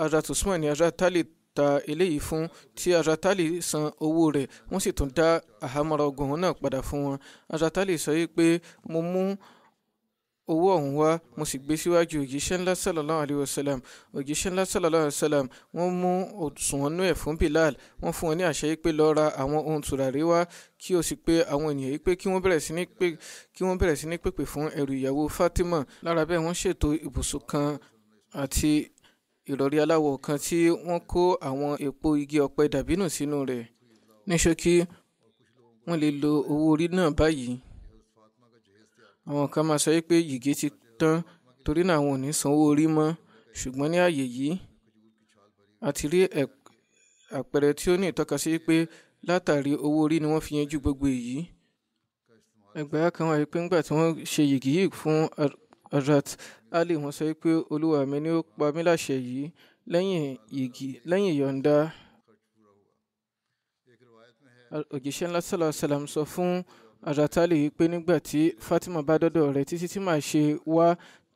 Hazrat Usman ni Hazrat Tali ta eléyìí fún tí Hazrat Tali san owó rẹ̀ wọ́n sì tún dá àhámọ́ra ọgọ́rùn-ún náà padà fún wọn Hazrat Tali sọ pé mo mú. Mu owó ọ̀hún wá mo sì gbé síwájú òjíṣẹ́ ńlá sallallahu alayhi wa sallam òjíṣẹ́ ńlá sallallahu alayhi wa sallam wọ́n mú òṣùwọ̀n nú ẹ̀ fún Bilal wọ́n fún wọn ní àṣẹ pé lọ ra àwọn ohun tùràrí wá kí o sì pe àwọn ènìyàn yìí pé kí wọ́n bẹ̀rẹ̀ sí ní pèpè fún ẹrù ìyàwó Fatima lára bẹ́ẹ̀ wọ́n ṣètò ibùsùn kan àti ìrọ̀rí aláwọ̀ kan tí wọ́n kó àwọn èpo igi ọ̀pẹ dàbínù sínú rẹ̀ ní ṣókí wọ́n lè lo owó orí náà báyìí àwọn kan máa sọ pé yìgì ti tán torí náà àwọn ò ní sanwó orí mọ́ ṣùgbọ́n ní ààyè yìí a ti rí àpẹẹrẹ tí ó ní ìtọ́ka sí pé látàrí owó orí ni wọ́n fi yanjú gbogbo èyí ẹgbẹ́ kan wáyé pé ńgbà tí wọ́n ṣe yìgì yìí fún Hazrat Ali wọ́n sọ pé olúwa mi ni ó pa mí láṣẹ yìí lẹ́yìn yìgì lẹ́yìn ìyọ̀ǹda òjíṣẹ́ ńlá sàlàsàlàm sọ fún àjàtálì yìí pé nígbà tí Fatima bá dọ́dọ̀ rẹ̀ títí tí màá ṣe wá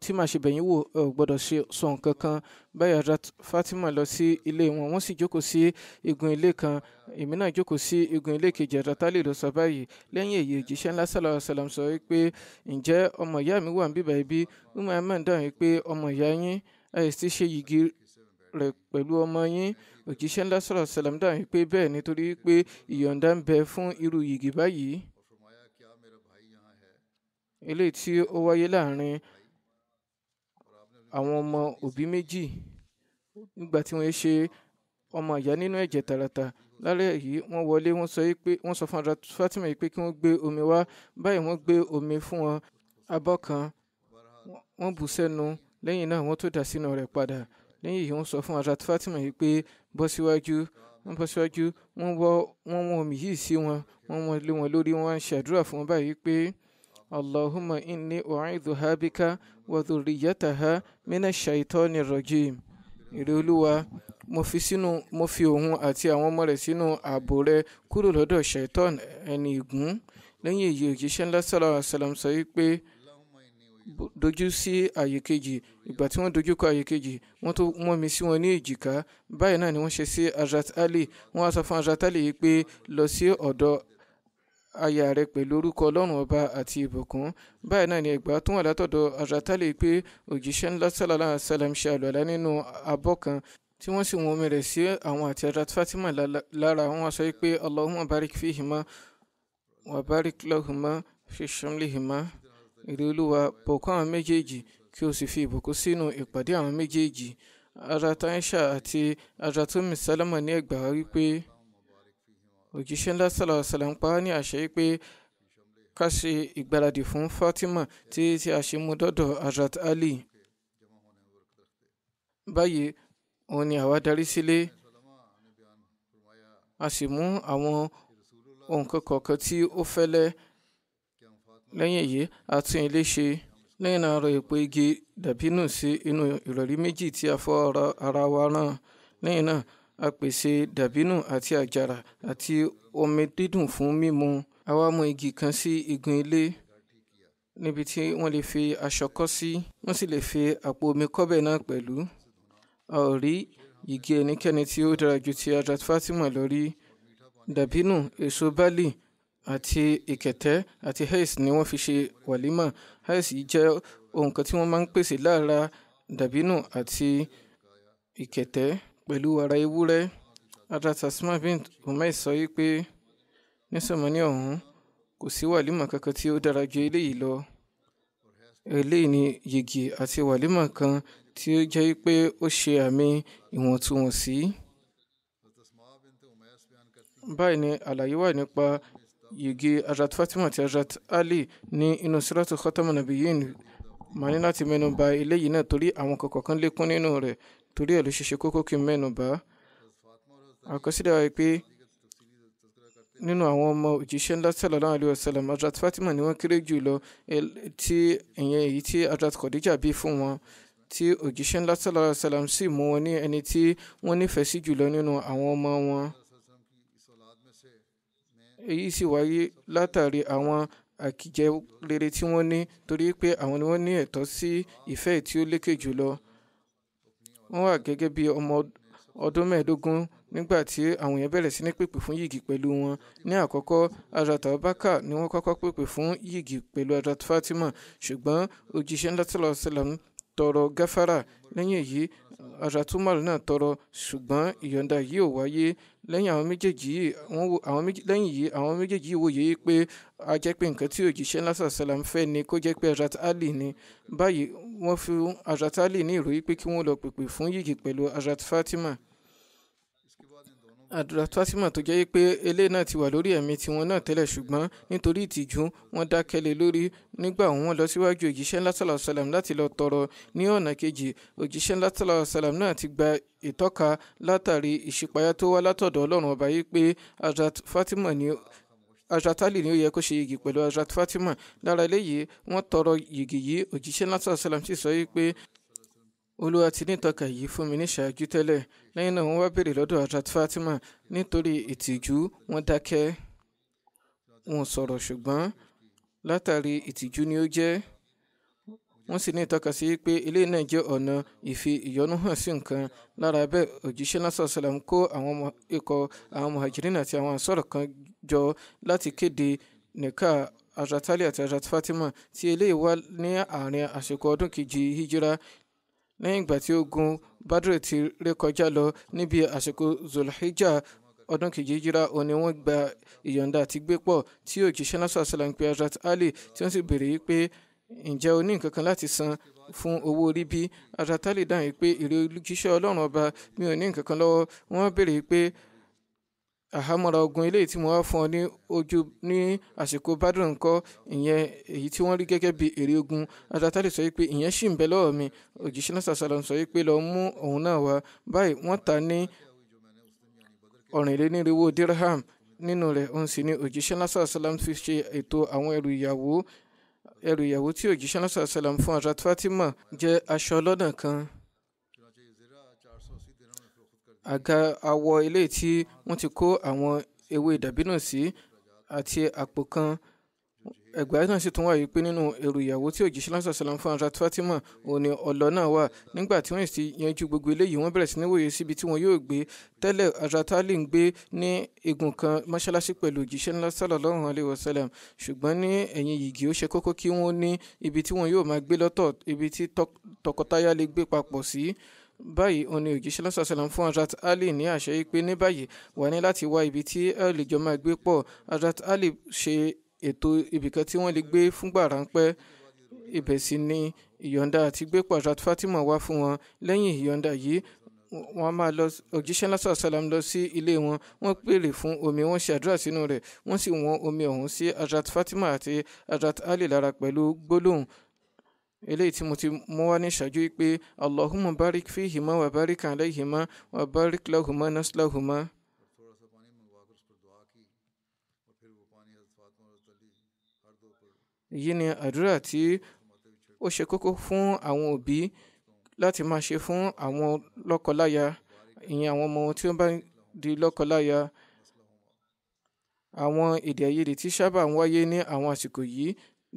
tí màá ṣe bẹ̀yìn wò ò gbọ́dọ̀ ṣe sọ nǹkan kan báyìí Hazrat Fatima lọ sí ilé wọn wọ́n sì jókòó sí igun ilé kan èmi náà jókòó sí igun ilé kejì Hazrat Ali ló sọ báyìí lẹ́yìn èyí òjíṣẹ́ ńlá sallallahu alaihi wasallam sọ wípé ǹjẹ́ ọmọ ìyá mi wà ń bíbá ibi Ummu Aiman dáhùn wípé ọmọ ìyá yín àìsí ṣe yìgì rẹ̀ pẹ̀lú ọmọ yín òjíṣẹ́ ńlá sallallahu alaihi dáhùn wípé bẹ́ẹ̀ nítorí pé ìyọ̀ǹda ń bẹ fún irú yìgì báyìí eléyìí tí ó wáyé láàárín àwọn ọmọ òbí méjì nígbà tí wọ́n ṣe ọmọ àyà nínú ẹ̀jẹ̀ tààràtà lálẹ́ yìí wọ́n wọlé wọ́n sọ pé wọ́n sọ fún Fatima yìí pé kí wọ́n gbé omi wá báyìí wọ́n gbé omi fún wọn abọ́ kan wọ́n bù sẹ́nu lẹ́yìn náà wọ́n tó dà sínú rẹ̀ padà lẹ́yìn yìí wọ́n sọ fún Hazrat Fatima yìí pé bọ́ síwájú wọ́n bọ́ síwájú wọ́n wọ́n omi yìí sí wọn wọ́n wọ́n wọn lórí wọ́n ń ṣàdúrà fún wọn báyìí pé. اللهم إني أعيذها بك وذريتها من الشيطان الرجيم ìrẹ́ olúwa mo fi sínú mo fi òun àti àwọn ọmọ rẹ̀ sínú ààbò rẹ̀ kúrò lọ́dọ̀ shaitan ẹni ìgún lẹ́yìn èyí òjíṣẹ́ ńlá sallallahu alaihi wasallam sọ pé dojú sí àyè kejì ìgbà tí wọ́n dojú kọ àyè kejì wọ́n tó wọ́n mi sí wọn ní èjìká báyìí náà ni wọ́n ṣe sí Hazrat Ali wọ́n á sọ fún Hazrat Ali yìí pé lọ sí ọ̀dọ̀ aya rẹ pẹ̀lú orúkọ ọlọ́run ọba àti ìbùkún báyìí náà ni ẹgbàá tó wà látọ̀dọ̀ àràtàlẹ̀ pé òjíṣẹ́ ńlá sàlàlá sàlám ṣe àlùwàlá nínú abọ́ kan tí wọ́n sì wọ́n omi rẹ̀ sí àwọn àti Hazrat Fatima lára wọn sọ pé Allahumma barik fihima wa barik lahuma fi shamlihima ìrè olúwa bọ̀kọ́ àwọn méjèèjì kí o sì fi ìbùkún sínú ìpàdé àwọn méjèèjì Hazrat àti Hazrat Ummu ní ẹgbàá wípé òjíṣẹ́ ńlá sàlọ̀ sàlọ̀ ń pa á ní àṣẹ pé ká ṣe ìgbáradì fún Fatima tí tí a ṣe mú dọ́dọ̀ Hazrat Ali báyìí òun ni àwa darí sílé a sì mú àwọn nǹkan kọ̀ọ̀kan tí ó fẹ́lẹ́ lẹ́yìn èyí a tún ilé ṣe lẹ́yìn náà rọ èpo igi dàbínù sí inú ìrọ̀rí méjì tí a fọ ara wa rán lẹ́yìn náà a pèsè dàbínù àti àjàrà àti omi dídùn fún mímu a wá mú igi kan sí igun ilé níbi tí wọ́n lè fi aṣọ kọ́ sí wọ́n sì lè fi àpò omi kọ́bẹ̀ náà pẹ̀lú a ò rí igi ẹnikẹ́ni tí ó dára ju ti Hazrat Fatima lọ rí èso bali àti ìkẹ̀tẹ́ àti hais ni wọ́n fi ṣe wàlímà hais yìí jẹ́ ohun kan tí wọ́n máa ń pèsè lára dàbínù àti ìkẹ̀tẹ́ pẹ̀lú wàrà ewúrẹ́ Hazrat bint Umair sọ wípé ní sọmọ́ní ọ̀hún kò sí wàlímà kankan tí ó dára ju eléyìí lọ eléyìí ni yìgì àti wàlímà kan tí ó jẹ́ pé ó ṣe àmì ìwọ̀ntúnwọ̀nsí. báyìí ni àlàyé wà nípa yìgì Hazrat Fatima àti Hazrat Ali ní inú Suratu Khatamun Nabiyyin màá láti mẹ́nu bà eléyìí náà torí àwọn kọ̀ọ̀kan lékún nínú rẹ̀ torí ẹ̀ ló ṣe ṣe kókó kí n mẹ́nu bà á. àkọsílẹ̀ wa pé nínú àwọn ọmọ òjíṣẹ́ ńlá sallallahu alaihi wasallam Hazrat Fatima ni wọ́n kéré jù lọ tí ìyẹn èyí tí Hazrat Khadija bí fún wọn tí òjíṣẹ́ ńlá sallallahu alaihi wasallam sì mú wọn ní ẹni tí wọ́n nífẹ̀ẹ́ sí jùlọ nínú àwọn ọmọ wọn. èyí sì wáyé látàrí àwọn àkìjẹ rere tí wọ́n ní torí pé àwọn ni wọ́n ní ẹ̀tọ́ sí ìfẹ́ tí ó lékè jùlọ wọ́n wà gẹ́gẹ́ bí ọmọ ọdún mẹ́ẹ̀ẹ́dógún nígbà tí àwọn èèyàn bẹ̀rẹ̀ sí ní pèpè fún yìgì pẹ̀lú wọn ní àkọ́kọ́ Hazrat Abubakar ni wọ́n kọ́kọ́ pèpè fún yìgì pẹ̀lú Hazrat Fatima ṣùgbọ́n òjíṣẹ́ ńlá sallallahu alaihi wasallam tọrọ gáfárà lẹ́yìn èyí Hazrat Umar náà tọrọ ṣùgbọ́n ìyọ̀ǹda yìí ò wáyé lẹ́yìn àwọn méjèèjì yìí àwọn lẹ́yìn yìí àwọn méjèèjì yìí wòye pé a jẹ́ pé nǹkan tí òjíṣẹ́ lásán sàlám fẹ́ ni kó jẹ́ pé Hazrat Ali ni báyìí wọ́n fi Hazrat Ali ní ìròyìn pé kí wọ́n lọ pèpè fún yìgì pẹ̀lú Hazrat Fatima àdúrà tásímà tó jẹ́ pé eléyìí náà ti wà lórí ẹ̀mí tiwọn náà tẹ́lẹ̀ ṣùgbọ́n nítorí ìtìjú wọn dákẹ́ lé lórí nígbà wọn lọ síwájú òjíṣẹ́ ńlá sàlàó sàlàm láti lọ tọrọ ní ọ̀nà kejì òjíṣẹ́ ńlá sàlàó náà ti gba ìtọ́ka látàrí ìṣípayá tó wá látọ̀dọ̀ ọlọ́run ọba yìí pé Hazrat Fatima ni Hazrat Ali ni ó yẹ kó ṣe yìgì pẹ̀lú Hazrat Fatima lára eléyìí wọ́n tọrọ yìgì yìí òjíṣẹ́ ńlá sàlàm sì sọ yìí pé olúwa ti ní ìtọ́ka yìí fún mi ní ṣáájú tẹ́lẹ̀ lẹ́yìn náà wọ́n wá béèrè lọ́dọ̀ Hazrat Fatima nítorí ìtìjú wọ́n dákẹ́ wọn sọ̀rọ̀ ṣùgbọ́n látàrí ìtìjú ni ó jẹ́ wọ́n sì ní ìtọ́ka sí pé ilé náà jẹ́ ọ̀nà ìfi ìyọ́nú hàn sí nǹkan lára bẹ́ẹ̀ òjíṣẹ́ lásán sàlám kó àwọn ikọ̀ àwọn muhajirin àti àwọn àsọ̀rọ̀ kan jọ láti kéde nìka Hazrat àti Hazrat Fatima tí eléyìí wá ní àárín àsìkò ọdún kejì hijira lẹ́yìn ìgbà tí ogun badr ti ré kọjá lọ níbi àsìkò zulhijjá ọdún kejì jira òní wọ́n gba ìyọ̀ǹda àti gbé pọ̀ tí òjíṣẹ́ náà sàṣàlàn pé Hazrat Ali tí wọ́n sì béèrè yìí pé ǹjẹ́ o ní nǹkan láti san fún owó orí bí Hazrat Ali dáhùn yìí pé èrè olùjíṣẹ́ Ọlọ́run ọba mi ò ní nǹkan lọ́wọ́ wọ́n béèrè yìí pé ahamara ogun eléyìí tí mo wá fún ọ ní ojú ní àsìkò bádùn ńkọ́ ìyẹn èyí tí wọ́n rí gẹ́gẹ́ bí èrè ogun adatálẹ̀ sọ pé ìyẹn ṣì ń bẹ lọ́wọ́ mi òjíṣẹ́ náà sàṣàlọ́ sọ pé lọ́ọ́ mú òun náà wá báyìí wọ́n ta ní ọ̀rìnlénírínwó dirham nínú rẹ̀ òun sì ni òjíṣẹ́ náà sàṣàlọ́ fi ṣe ètò àwọn ẹrù ìyàwó ẹrù ìyàwó tí òjíṣẹ́ náà sàṣàlọ́ fún Hazrat Fatima jẹ́ aṣọ ọlọ́dàn kan àga awọ eléyìí tí wọ́n ti kó àwọn ewé dàbínù sí àti àpò kan ẹgbẹ́ náà sì tún wà yìí pé nínú ẹrù ìyàwó tí òjì sílánṣà sàlám fún Hazrat Fatima òun ni ọ̀lọ́ náà wà nígbà tí wọ́n sì yanjú gbogbo eléyìí wọ́n bẹ̀rẹ̀ sí ní wòye síbi tí wọ́n yóò gbé tẹ́lẹ̀ Hazrat Ali ń gbé ní igun kan mọ́ṣáláṣí pẹ̀lú òjíṣẹ́ ńlá sallallahu alaihi wasallam ṣùgbọ́n ní ẹ̀yìn yìgì ó ṣe kókó kí wọ́n ní ibi tí wọ́n yóò máa gbé lọ́tọ̀ ibi tí tọkọtaya lè gbé papọ̀ sí báyìí òun ni òjíṣẹ́ lọ́sọ̀ọ́sọ̀lá fún Hazrat Ali ní àṣẹ yìí pé ní báyìí wà ní láti wá ibi tí ẹ lè jọ máa gbé pọ̀ Hazrat Ali ṣe ètò ibìkan tí wọ́n lè gbé fúngbà ráńpẹ́ ibẹ̀ sì ni ìyọ̀ǹda àti gbé pọ̀ Hazrat Fatima wá fún wọn lẹ́yìn ìyọ̀ǹda yìí wọ́n máa lọ òjíṣẹ́ lásán sálám lọ sí ilé wọn wọ́n pèrè fún omi wọ́n ṣe àdúrà sínú rẹ̀ wọ́n sì wọ́n omi ọ̀hún sí Hazrat Fatima àti Hazrat Ali lára pẹ̀lú gbólóhùn eléyìí tí mo ti mú wá ní ìṣáájú yìí pé allahumma barik fihima wa barik alayhima wa barik lahuma naslahuma. èyí ni àdúrà tí ó ṣe kókó fún àwọn òbí láti máa ṣe fún àwọn lọ́kọláya ìyẹn àwọn ọmọ tí wọ́n bá di lọ́kọláya àwọn èdè àìyedè tí sábà ń wáyé ní àwọn àsìkò yìí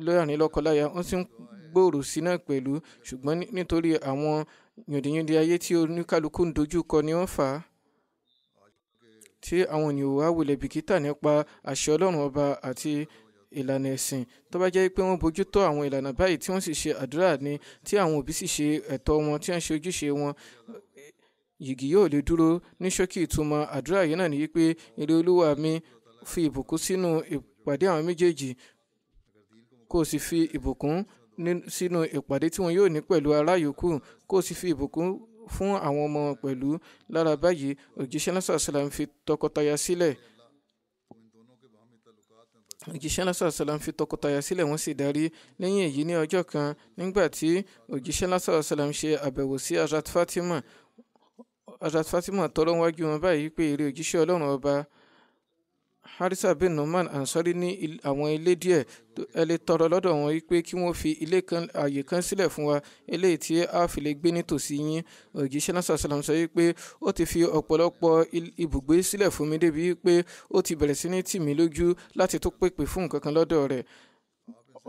lóyà ní lọ́kọláya wọ́n ti ń gbòòrò sí náà pẹ̀lú ṣùgbọ́n nítorí àwọn yòndìyòndì ayé tí oníkálukú ń dojú kọ ni wọ́n fà á tí àwọn ènìyàn wá wulẹ̀ bìkítà nípa àṣẹ ọlọ́run ọba àti ìlànà ẹ̀sìn tó bá jẹ́ pé wọ́n bójú tó àwọn ìlànà báyìí tí wọ́n sì ṣe àdúrà ni tí àwọn òbí sì ṣe ẹ̀tọ́ wọn tí wọ́n ṣe ojúṣe wọn yìgì yóò lè dúró ní ṣókí ìtumọ̀ àdúrà yìí náà ni wípé ilé olúwa mi fi ìbùkún sínú ìpàdé àwọn méjèèjì kó o sì fi ìbùkún sínú ìpàdé tí wọn yóò ní pẹ̀lú ará yòókù kó o sì fi ìbùkún fún àwọn ọmọ wọn pẹ̀lú lára báyìí òjíṣẹ́ lásán sàlám fi tọkọtaya sílẹ̀ òjíṣẹ́ lásán sàlám fi tọkọtaya sílẹ̀ wọ́n sì darí lẹ́yìn èyí ní ọjọ́ kan nígbà tí òjíṣẹ́ lásán sàlám ṣe àbẹ̀wò sí Hazrat Fatima Hazrat Fatima tọrọ wájú wọn báyìí pé èrè òjíṣẹ́ ọlọ́run ọba harisa bin numan ansori ní àwọn ilé díẹ̀ ẹ tọrọ lọ́dọ̀ wọn wípé kí wọ́n fi ilé kan ààyè kan sílẹ̀ fún wa eléyìí tí a fi lè gbé nítòsí yín òjíṣẹ́ náà sàṣàlám sọ wípé ó ti fi ọ̀pọ̀lọpọ̀ ibùgbé sílẹ̀ fún mi débi wípé ó ti bẹ̀rẹ̀ sí ní tì mí lójú láti tó pèpè fún nǹkan kan lọ́dọ̀ rẹ̀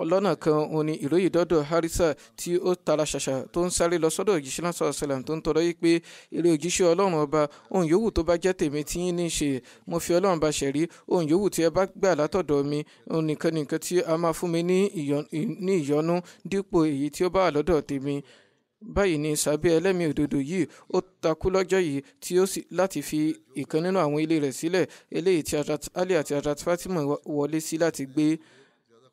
lọ́nà kan òun ni ìròyìn dọ́dọ̀ harisa tí ó tara ṣàṣà tó ń sáré lọ sọ́dọ̀ òjíṣẹ́ náà sọ̀rọ̀ sẹ́lẹ̀m tó ń tọrọ yìí pé eré òjíṣẹ́ ọlọ́run ọba ohun yòówù tó bá jẹ́ tèmi tí yín ní í ṣe mo fi ọlọ́run bá ṣẹ̀rí ohun yòówù tí ẹ bá gbà látọ̀dọ̀ mi òun nìkan nìkan tí a máa fún mi ní ìyọ́nú dípò èyí tí ó bá wà lọ́dọ̀ tèmi báyìí ni sàbí ẹlẹ́mìí òdodo yìí ó takú lọ́jọ́ yìí tí ó sì láti fi ìkan nínú àwọn ilé rẹ̀ sílẹ̀ eléyìí tí Ali àti adat Fatima wọlé sí láti gbé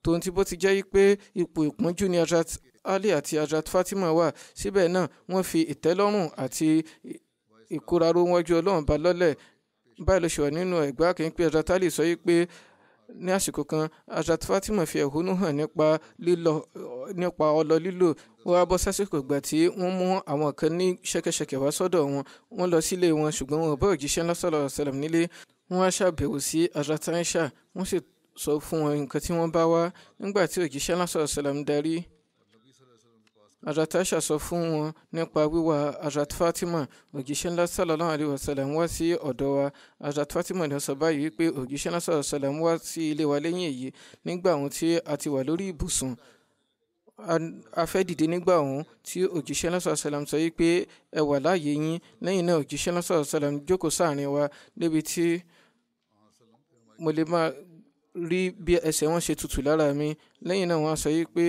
tòun ti bó ti jẹ́ pé ipò ìpọ́njú ni Hazrat Ali àti Hazrat Fatima wà síbẹ̀ náà wọ́n fi ìtẹ́lọ́rùn àti ìkóraró wájú Ọlọ́run bá lọ́lẹ̀ báyìí ló ṣe wà nínú ẹ̀gbá kìí pé Hazrat Ali sọ yìí pé ní àsìkò kan Hazrat Fatima fi ẹ̀hónú hàn nípa lílọ nípa ọlọ lílò wọ́n á bọ́ sásìkò ìgbà tí wọ́n mú àwọn kan ní ṣẹ̀kẹ̀ṣẹ̀kẹ̀ wá sọ́dọ̀ wọn wọ́n lọ sílé wọn ṣùgbọ́n wọn ò bá òjíṣẹ́ nílé wọ́n á sí Hazrat Aisha wọ́n sì sọ fún wọn nǹkan tí wọ́n bá wá nígbà tí òjíṣẹ́ lásán ṣàlám darí Hazrat sọ fún wọn nípa wíwá Hazrat Fatima òjíṣẹ́ ńlá sallallahu alaihi wasallam wá sí ọ̀dọ̀ wa Hazrat Fatima ni sọ báyìí wípé òjíṣẹ́ ńlá sallallahu alaihi wasallam wá sí ilé wa lẹ́yìn èyí nígbà àwọn tí a ti wà lórí ibùsùn afẹ́dìde nígbà ọ̀hún tí òjíṣẹ́ lọ́sọ̀ sàlám sọ yìí pé ẹ wà láàyè yín lẹ́yìn náà òjíṣẹ́ lọ́sọ̀ sàlám jókòó sáàrin wa níbi tí mo lè máa rí bí ẹsẹ̀ wọn ṣe tutù lára mi lẹ́yìn náà wọ́n sọ yìí pé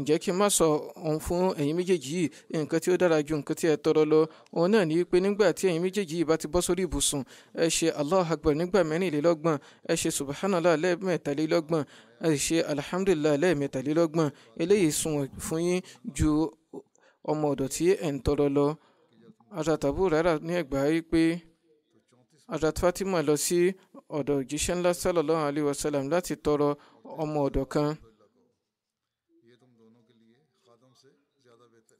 ǹjẹ́ kí n má sọ ohun fún ẹ̀yin méjèèjì yìí nǹkan tí ó dára ju nǹkan tí ẹ tọrọ lọ òun náà ní pé nígbà tí ẹ̀yin méjèèjì yìí bá ti bọ́ sórí ibùsùn ẹ ṣe Allahu Akbar nígbà mẹ́rìnlélọ́gbọ̀n ẹ ṣe subhanallah lẹ́ẹ̀mẹ́tàlélọ́gbọ̀n ẹ ṣe alhamdulillah lẹ́ẹ̀mẹ́tàlélọ́gbọ̀n eléyìí sùn fún yín ju ọmọ ọ̀dọ̀ tí ẹ̀ ń tọrọ lọ. àtàtàbù rárá ní ẹ̀gbá yìí pé ọ̀dọ̀ Fatima lọ sí ọ̀dọ̀ òjíṣẹ́ ńlá sallallahu alayhi wa sallam láti tọrọ ọmọ ọ̀dọ̀ kan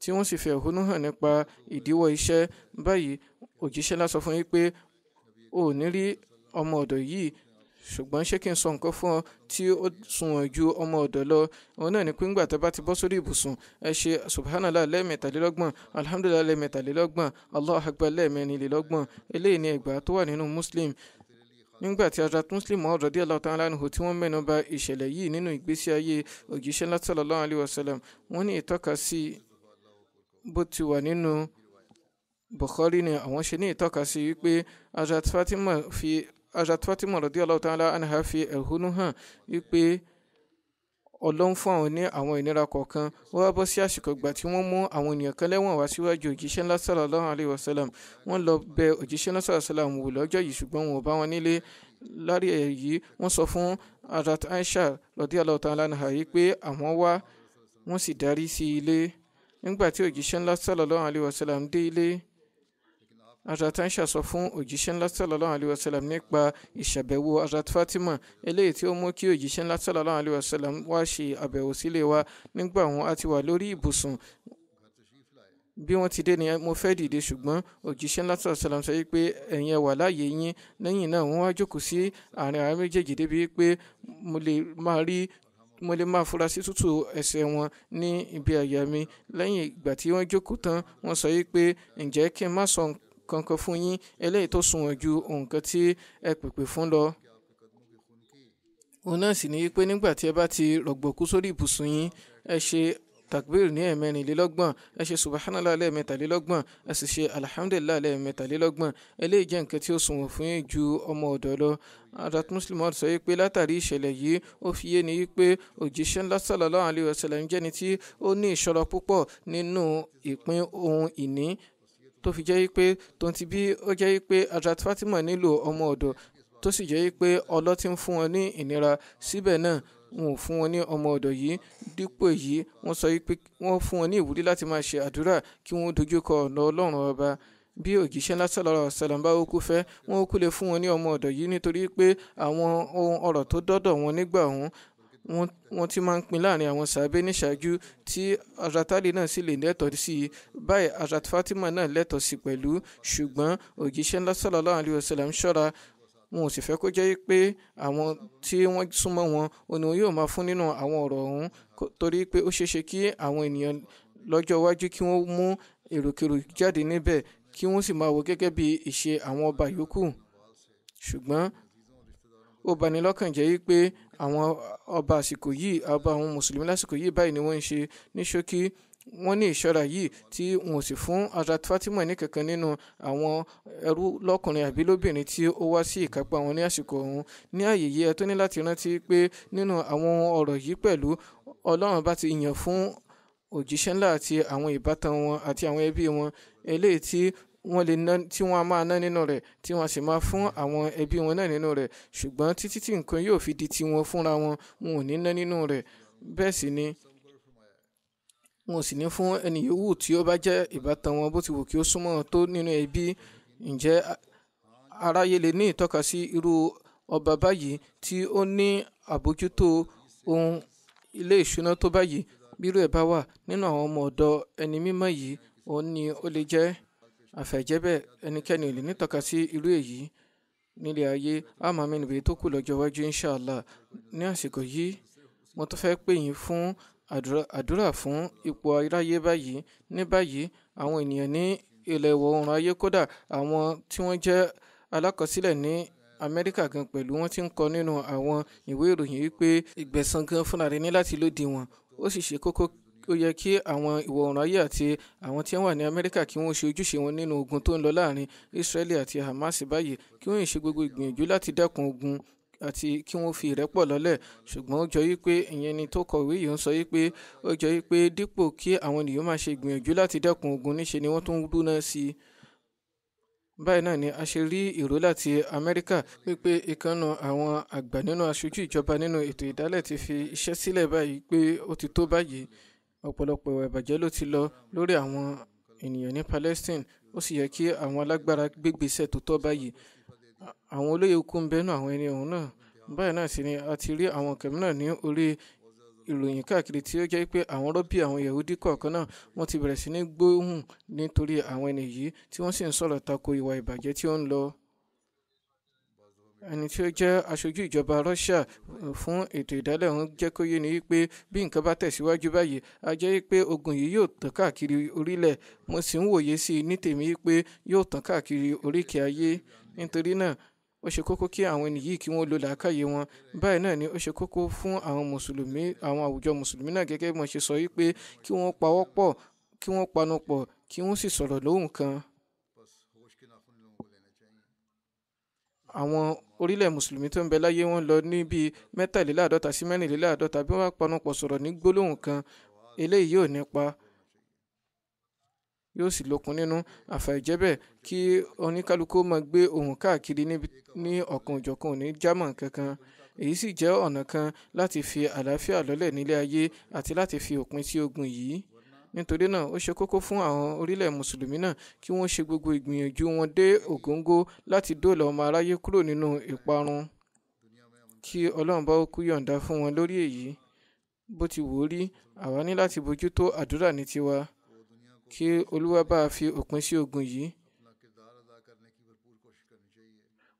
tí wọ́n sì fi ẹ̀hónú hàn nípa ìdíwọ́ iṣẹ́ báyìí òjíṣẹ́ ńlá sọ fún yín pé ò ní rí ọmọ ọ̀dọ̀ yìí ṣùgbọ́n ṣé kí n sọ nǹkan fún ọ tí ó sunwọ̀n ju ọmọ ọ̀dọ̀ lọ òun náà ni pé ńgbà tó bá ti bọ́ sórí ibùsùn ẹ ṣe subhanallah lẹ́ẹ̀mẹ́tàlélọ́gbọ̀n alhamdulillah lẹ́ẹ̀mẹ́tàlélọ́gbọ̀n allah akbar lẹ́ẹ̀mẹ́rinlélọ́gbọ̀n eléyìí ni ẹgbàá tó wà nínú muslim nígbà tí Hazrat Muslim Maud radiyallahu ta'ala anhu tí wọ́n mẹ́nu bà ìṣẹ̀lẹ̀ yìí nínú ìgbésí ayé òjíṣẹ́ ńlá sallallahu alayhi wa sallam wọ́n ní ìtọ́ka sí bó ti wà nínú Bukhari ni àwọn ṣe ní ìtọ́ka sí wípé Hazrat Fatima fi Fatima radiyallahu ta'ala anha fi ẹ̀hónú hàn wípé ọlọ́run fún àwọn ní àwọn ìnira kọ̀ọ̀kan wọ́n wá bọ́ sí àsìkò ìgbà tí wọ́n mú àwọn ènìyàn kan lẹ́wọ̀n wá síwájú òjíṣẹ́ ńlá sallallahu alaihi wasallam wọ́n lọ bẹ òjíṣẹ́ ńlá sallallahu alaihi wasallam wò lọ́jọ́ yìí ṣùgbọ́n wọn ò bá wọn nílé lárí èyí wọ́n sọ fún arat aisha radiyallahu ta'ala anha yìí pé àwọn wá wọ́n sì darí sí ilé nígbà tí òjíṣẹ́ ńlá sallallahu alaihi wasallam dé ilé Hazrat Aisha sọ fún òjíṣẹ́ ńlá sallallahu alayhi wa sallam nípa ìṣàbẹ̀wò Hazrat Fatima eléyìí tí ó mú kí òjíṣẹ́ ńlá sallallahu alayhi wa sallam wá ṣe àbẹ̀wò sílé wa nígbà wọn a ti wà lórí ibùsùn bí wọ́n ti dé ni mo fẹ́ dìde ṣùgbọ́n òjíṣẹ́ ńlá sọ̀rọ̀ sọ̀rọ̀ sọ pé ẹ̀yin ẹ̀ wà láàyè yín lẹ́yìn náà wọ́n wá jókòó sí àárín àwọn méjèèjì débi pé mo lè máa rí mo lè máa fura sí tútù ẹsẹ̀ wọn ní ibi àyà mi lẹ́yìn ìgbà tí wọ́n jókòó tán wọ́n sọ pé ǹjẹ́ kí n má sọ kankan fún yín eléyìí tó sunwọ̀n ju nǹkan tí ẹ pèpè fún lọ òun náà sì ní wípé nígbà tí ẹ bá ti rọ̀gbọ̀kú sórí ibùsùn yín ẹ ṣe takbir ní ẹ̀mẹ́rìnlélọ́gbọ̀n ẹ ṣe subahánálà lẹ́ẹ̀mẹ́tàlélọ́gbọ̀n ẹ sì ṣe alihamudulilá lẹ́ẹ̀mẹ́tàlélọ́gbọ̀n eléyìí jẹ́ nǹkan tí ó sunwọ̀n fún yín ju ọmọ ọ̀dọ́ lọ adat muslim ọ̀rọ̀ sọ wípé látàrí ìṣẹ̀lẹ̀ yìí ó fi yé ni wípé òjíṣẹ́ ńlá sallallahu alaihi wasallam jẹ́ni tí ó ní ìṣọ́ra púpọ̀ nínú ìpín ohun ìní tó fi jẹ́ pé tóun ti bí ó jẹ́ pé Hazrat Fatima nílò ọmọ ọ̀dọ̀ tó sì jẹ́ pé ọlọ́tí ń fún wọn ní ìnira síbẹ̀ náà wọn ò fún wọn ní ọmọ ọ̀dọ̀ yìí dípò èyí wọ́n sọ pé wọ́n fún wọn ní ìwúrí láti máa ṣe àdúrà kí wọ́n dojúkọ ọ̀nà ọlọ́run ọba bí òjíṣẹ́ ńlá sọ̀rọ̀ ọ̀sẹ̀lẹ̀ bá okú fẹ́ wọn kú lè fún wọn ní ọmọ ọ̀dọ̀ yìí nítorí pé àwọn ohun ọ̀rọ̀ tó dọ́dọ̀ wọn nígbà ọ̀hún wọ́n ti máa ń pín láàrin àwọn sàbẹ̀ níṣáájú tí Hazrat Ali náà sì lè lẹ́tọ̀ọ́ sí i báyìí Hazrat Fatima náà lẹ́tọ̀ọ́ sí pẹ̀lú ṣùgbọ́n òjíṣẹ́ ńlá sallallahu alaihi wasallam ṣọ́ra wọn ò sì fẹ́ kó jẹ́ pé àwọn tí wọ́n súnmọ́ wọn òní wọn yóò máa fún nínú àwọn ọ̀rọ̀ ọ̀hún torí pé ó ṣeéṣe kí àwọn ènìyàn lọ́jọ́ iwájú kí wọ́n mú èròkèrò jáde níbẹ̀ kí wọ́n sì máa wò gẹ́gẹ́ bí ìṣe àwọn ọba yòókù ṣùgbọ́n ó bani lọ́kàn pé àwọn ọba àsìkò yìí ọba àwọn mùsùlùmí lásìkò yìí báyìí ni wọ́n ń ṣe ní ṣókí wọ́n ní ìṣọ́ra yìí tí wọn ò sì fún Hazrat Fatima ní kankan nínú àwọn ẹrú lọ́kùnrin àbí lóbìnrin tí ó wá sí ìkápá wọn ní àsìkò ọ̀hún ní àyè yìí ẹ tó ní láti rántí pé nínú àwọn ọ̀rọ̀ yìí pẹ̀lú Ọlọ́run bá ti yàn fún òjíṣẹ́ àti àwọn ìbátan wọn àti àwọn ẹbí wọn eléyìí tí wọ́n lè ná tí wọ́n á máa ná nínú rẹ̀ tí wọ́n sì máa fún àwọn ẹbí wọn náà nínú rẹ̀ ṣùgbọ́n títí tí nǹkan yóò fi di tiwọn fúnra wọn wọn ò ní ná nínú rẹ̀ bẹ́ẹ̀ sì ni wọn ò sì ní fún ẹni yòówù tí ó bá jẹ́ ìbátan wọn bó ti wù kí ó súnmọ́ tó nínú ẹbí ǹjẹ́ aráyé lè ní ìtọ́ka irú ọba báyìí tí ó ní àbójútó ohun ilé ìṣúná tó báyìí bírú ẹ̀ bá wà nínú àwọn ọmọ ọ̀dọ̀ ẹni mímọ́ yìí òun ni ó lè jẹ́ àfẹ̀jẹ́bẹ̀ ẹnikẹ́ni ò lè nítọ́ka sí irú èyí nílé ayé àmọ́ mi nìbẹ̀rẹ̀ tó kù lọ́jọ́ iwájú inshàlá ní àsìkò yìí mo tún fẹ́ pè yín fún àdúrà fún ipò aráyé báyìí ní báyìí àwọn ènìyàn ní ilẹ̀ ìwọ̀ oòrùn ayé kódà àwọn tí wọ́n jẹ́ alákọsílẹ̀ ní amẹ́ríkà gan pẹ̀lú wọ́n ti ń kọ nínú àwọn ìwé ìròyìn wípé ìgbẹ̀san gan fúnra rẹ̀ ní láti lòdì ó sì ṣe kókó ó yẹ kí àwọn ìwọ̀ oòrùn ayé àti àwọn tí wọ́n wà ní amẹ́ríkà kí wọ́n ṣe ojúṣe wọn nínú ogun tó ń lọ láàrin israeli àti hamas báyìí kí wọ́n ṣe gbogbo ìgbìyànjú láti dẹ́kun ogun àti kí wọ́n fi ìrẹ́pọ̀ lọ́lẹ̀ ṣùgbọ́n ó jọ yí pé ìyẹn ni tó kọ̀wé yìí ń sọ yí pé ó jọ yí pé dípò kí àwọn ènìyàn máa ṣe ìgbìyànjú láti dẹ́kun ogun níṣe ni wọ́n tún dúná sí i báyìí náà ni a ṣe rí ìró láti amẹ́ríkà wípé ìkànnà àwọn àgbà nínú aṣojú ìjọba nínú ètò ìdálẹ̀ ti fi iṣẹ́ sílẹ̀ báyìí pé ó ti tó báyìí ọ̀pọ̀lọpọ̀ ìwà ìbàjẹ́ ló ti lọ lórí àwọn ènìyàn ní Palestine ó sì yẹ kí àwọn alágbára gbégbèsè tó tọ́ báyìí àwọn olóyè kú ń bẹnu àwọn ẹni ọ̀hún náà báyìí náà sì ni a ti rí àwọn kẹ̀mí náà ní orí ìròyìn káàkiri tí ó jẹ́ pé àwọn rọ́bì àwọn Yahudi kọ̀ọ̀kan náà wọ́n ti bẹ̀rẹ̀ sí ní gbóhùn nítorí àwọn ẹni yìí tí wọ́n sì ń sọ̀rọ̀ tako ìwà ìbàjẹ́ tí ó ń lọ ẹni tí ó jẹ́ aṣojú ìjọba Russia eh, fún ètò ìdálẹ̀ ọ̀hún jẹ́ kó yé ni wípé bí nǹkan bá tẹ̀síwájú báyìí a jẹ́ wípé ogun yìí yóò tàn káàkiri orílẹ̀ mo sì ń wòye sí i ní tèmi wípé yóò tàn káàkiri oríkèé ayé nítorí náà ó ṣe kókó kí àwọn ẹni yìí kí wọ́n lo làákàyè wọn báyìí náà ni ó ṣe kókó fún àwọn mùsùlùmí àwọn àwùjọ mùsùlùmí náà gẹ́gẹ́ bí wọ́n ṣe sọ wípé kí wọ́n pawọ́pọ̀ kí wọ́n panupọ̀ kí wọ́n sì sọ̀rọ̀ lóhùn kan àwọn orílẹ̀ mùsùlùmí tó ń bẹ láyé wọn lọ ní bíi mẹ́tàléláàdọ́ta sí mẹ́rìnléláàdọ́ta bí wọ́n bá panupọ̀ sọ̀rọ̀ ní gbólóhùn kan eléyìí yóò nípa yóò sì lókun nínú àfàìjẹ́bẹ̀ kí oníkálukú máa gbé ohùn káàkiri ní ọ̀kan òjọ̀kan òní jámọ̀ kankan èyí sì jẹ́ ọ̀nà kan láti fi àlàáfíà lọ́lẹ̀ nílé ayé àti láti fi òpin sí ogun yìí nítorí náà ó ṣe kókó fún àwọn orílẹ̀ mùsùlùmí náà kí wọ́n ṣe gbogbo ìgbìyànjú wọn dé ògóńgó láti dóòlà ọmọ aráyé kúrò nínú ìparun kí ọlọ́run bá kú yọ̀ǹda fún wọn lórí èyí bó ti wò ó rí àwa ní láti bójú tó àdúrà ní tiwa kí olúwa bá fi òpin sí ogun yìí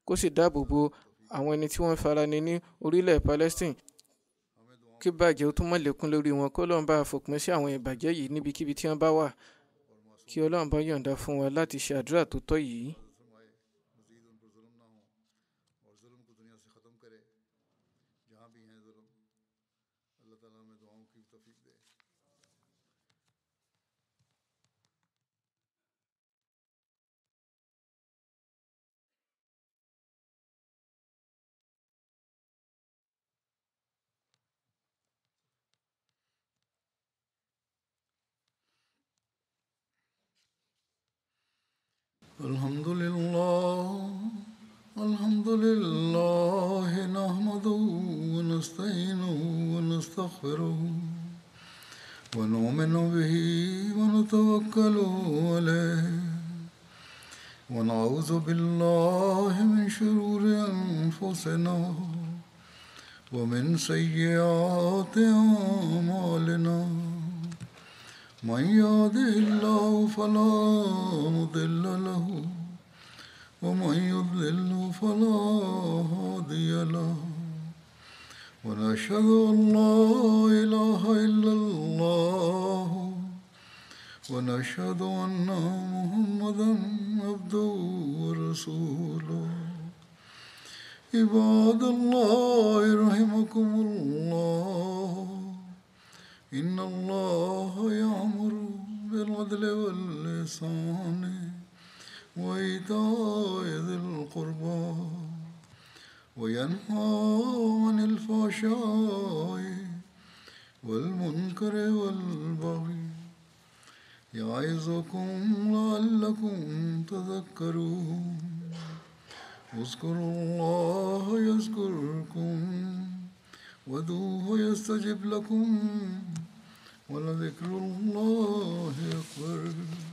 kó sì dáàbò bo àwọn ẹni tí wọ́n farani ní orílẹ̀ Palestine kí bàjẹ́ ó tún mọ́ lékún lórí wọn kó lọ́n bá fòpin sí àwọn ìbàjẹ́ yìí níbikíbi tí wọ́n bá wà kí ọlọ́run bá yọ̀ǹda fún wa láti ṣe àdúrà tó tọ́ yìí الحمد لله نحمده ونستعينه ونستغفره ونؤمن به ونتوكل عليه ونعوذ بالله من شرور أنفسنا ومن سيئات أعمالنا من يهده الله فلا مضل له ومن يضلل فلا هادي له ونشهد أن لا إله إلا الله ونشهد أن محمدا عبده ورسوله عباد الله رحمكم الله إن الله يأمر بالعدل واللسان وإيتاء ذي القربى وينهى عن الفحشاء والمنكر والبغي يعظكم لعلكم تذكرون اذكروا الله يذكركم ودوه يستجب لكم ولذكر الله أكبر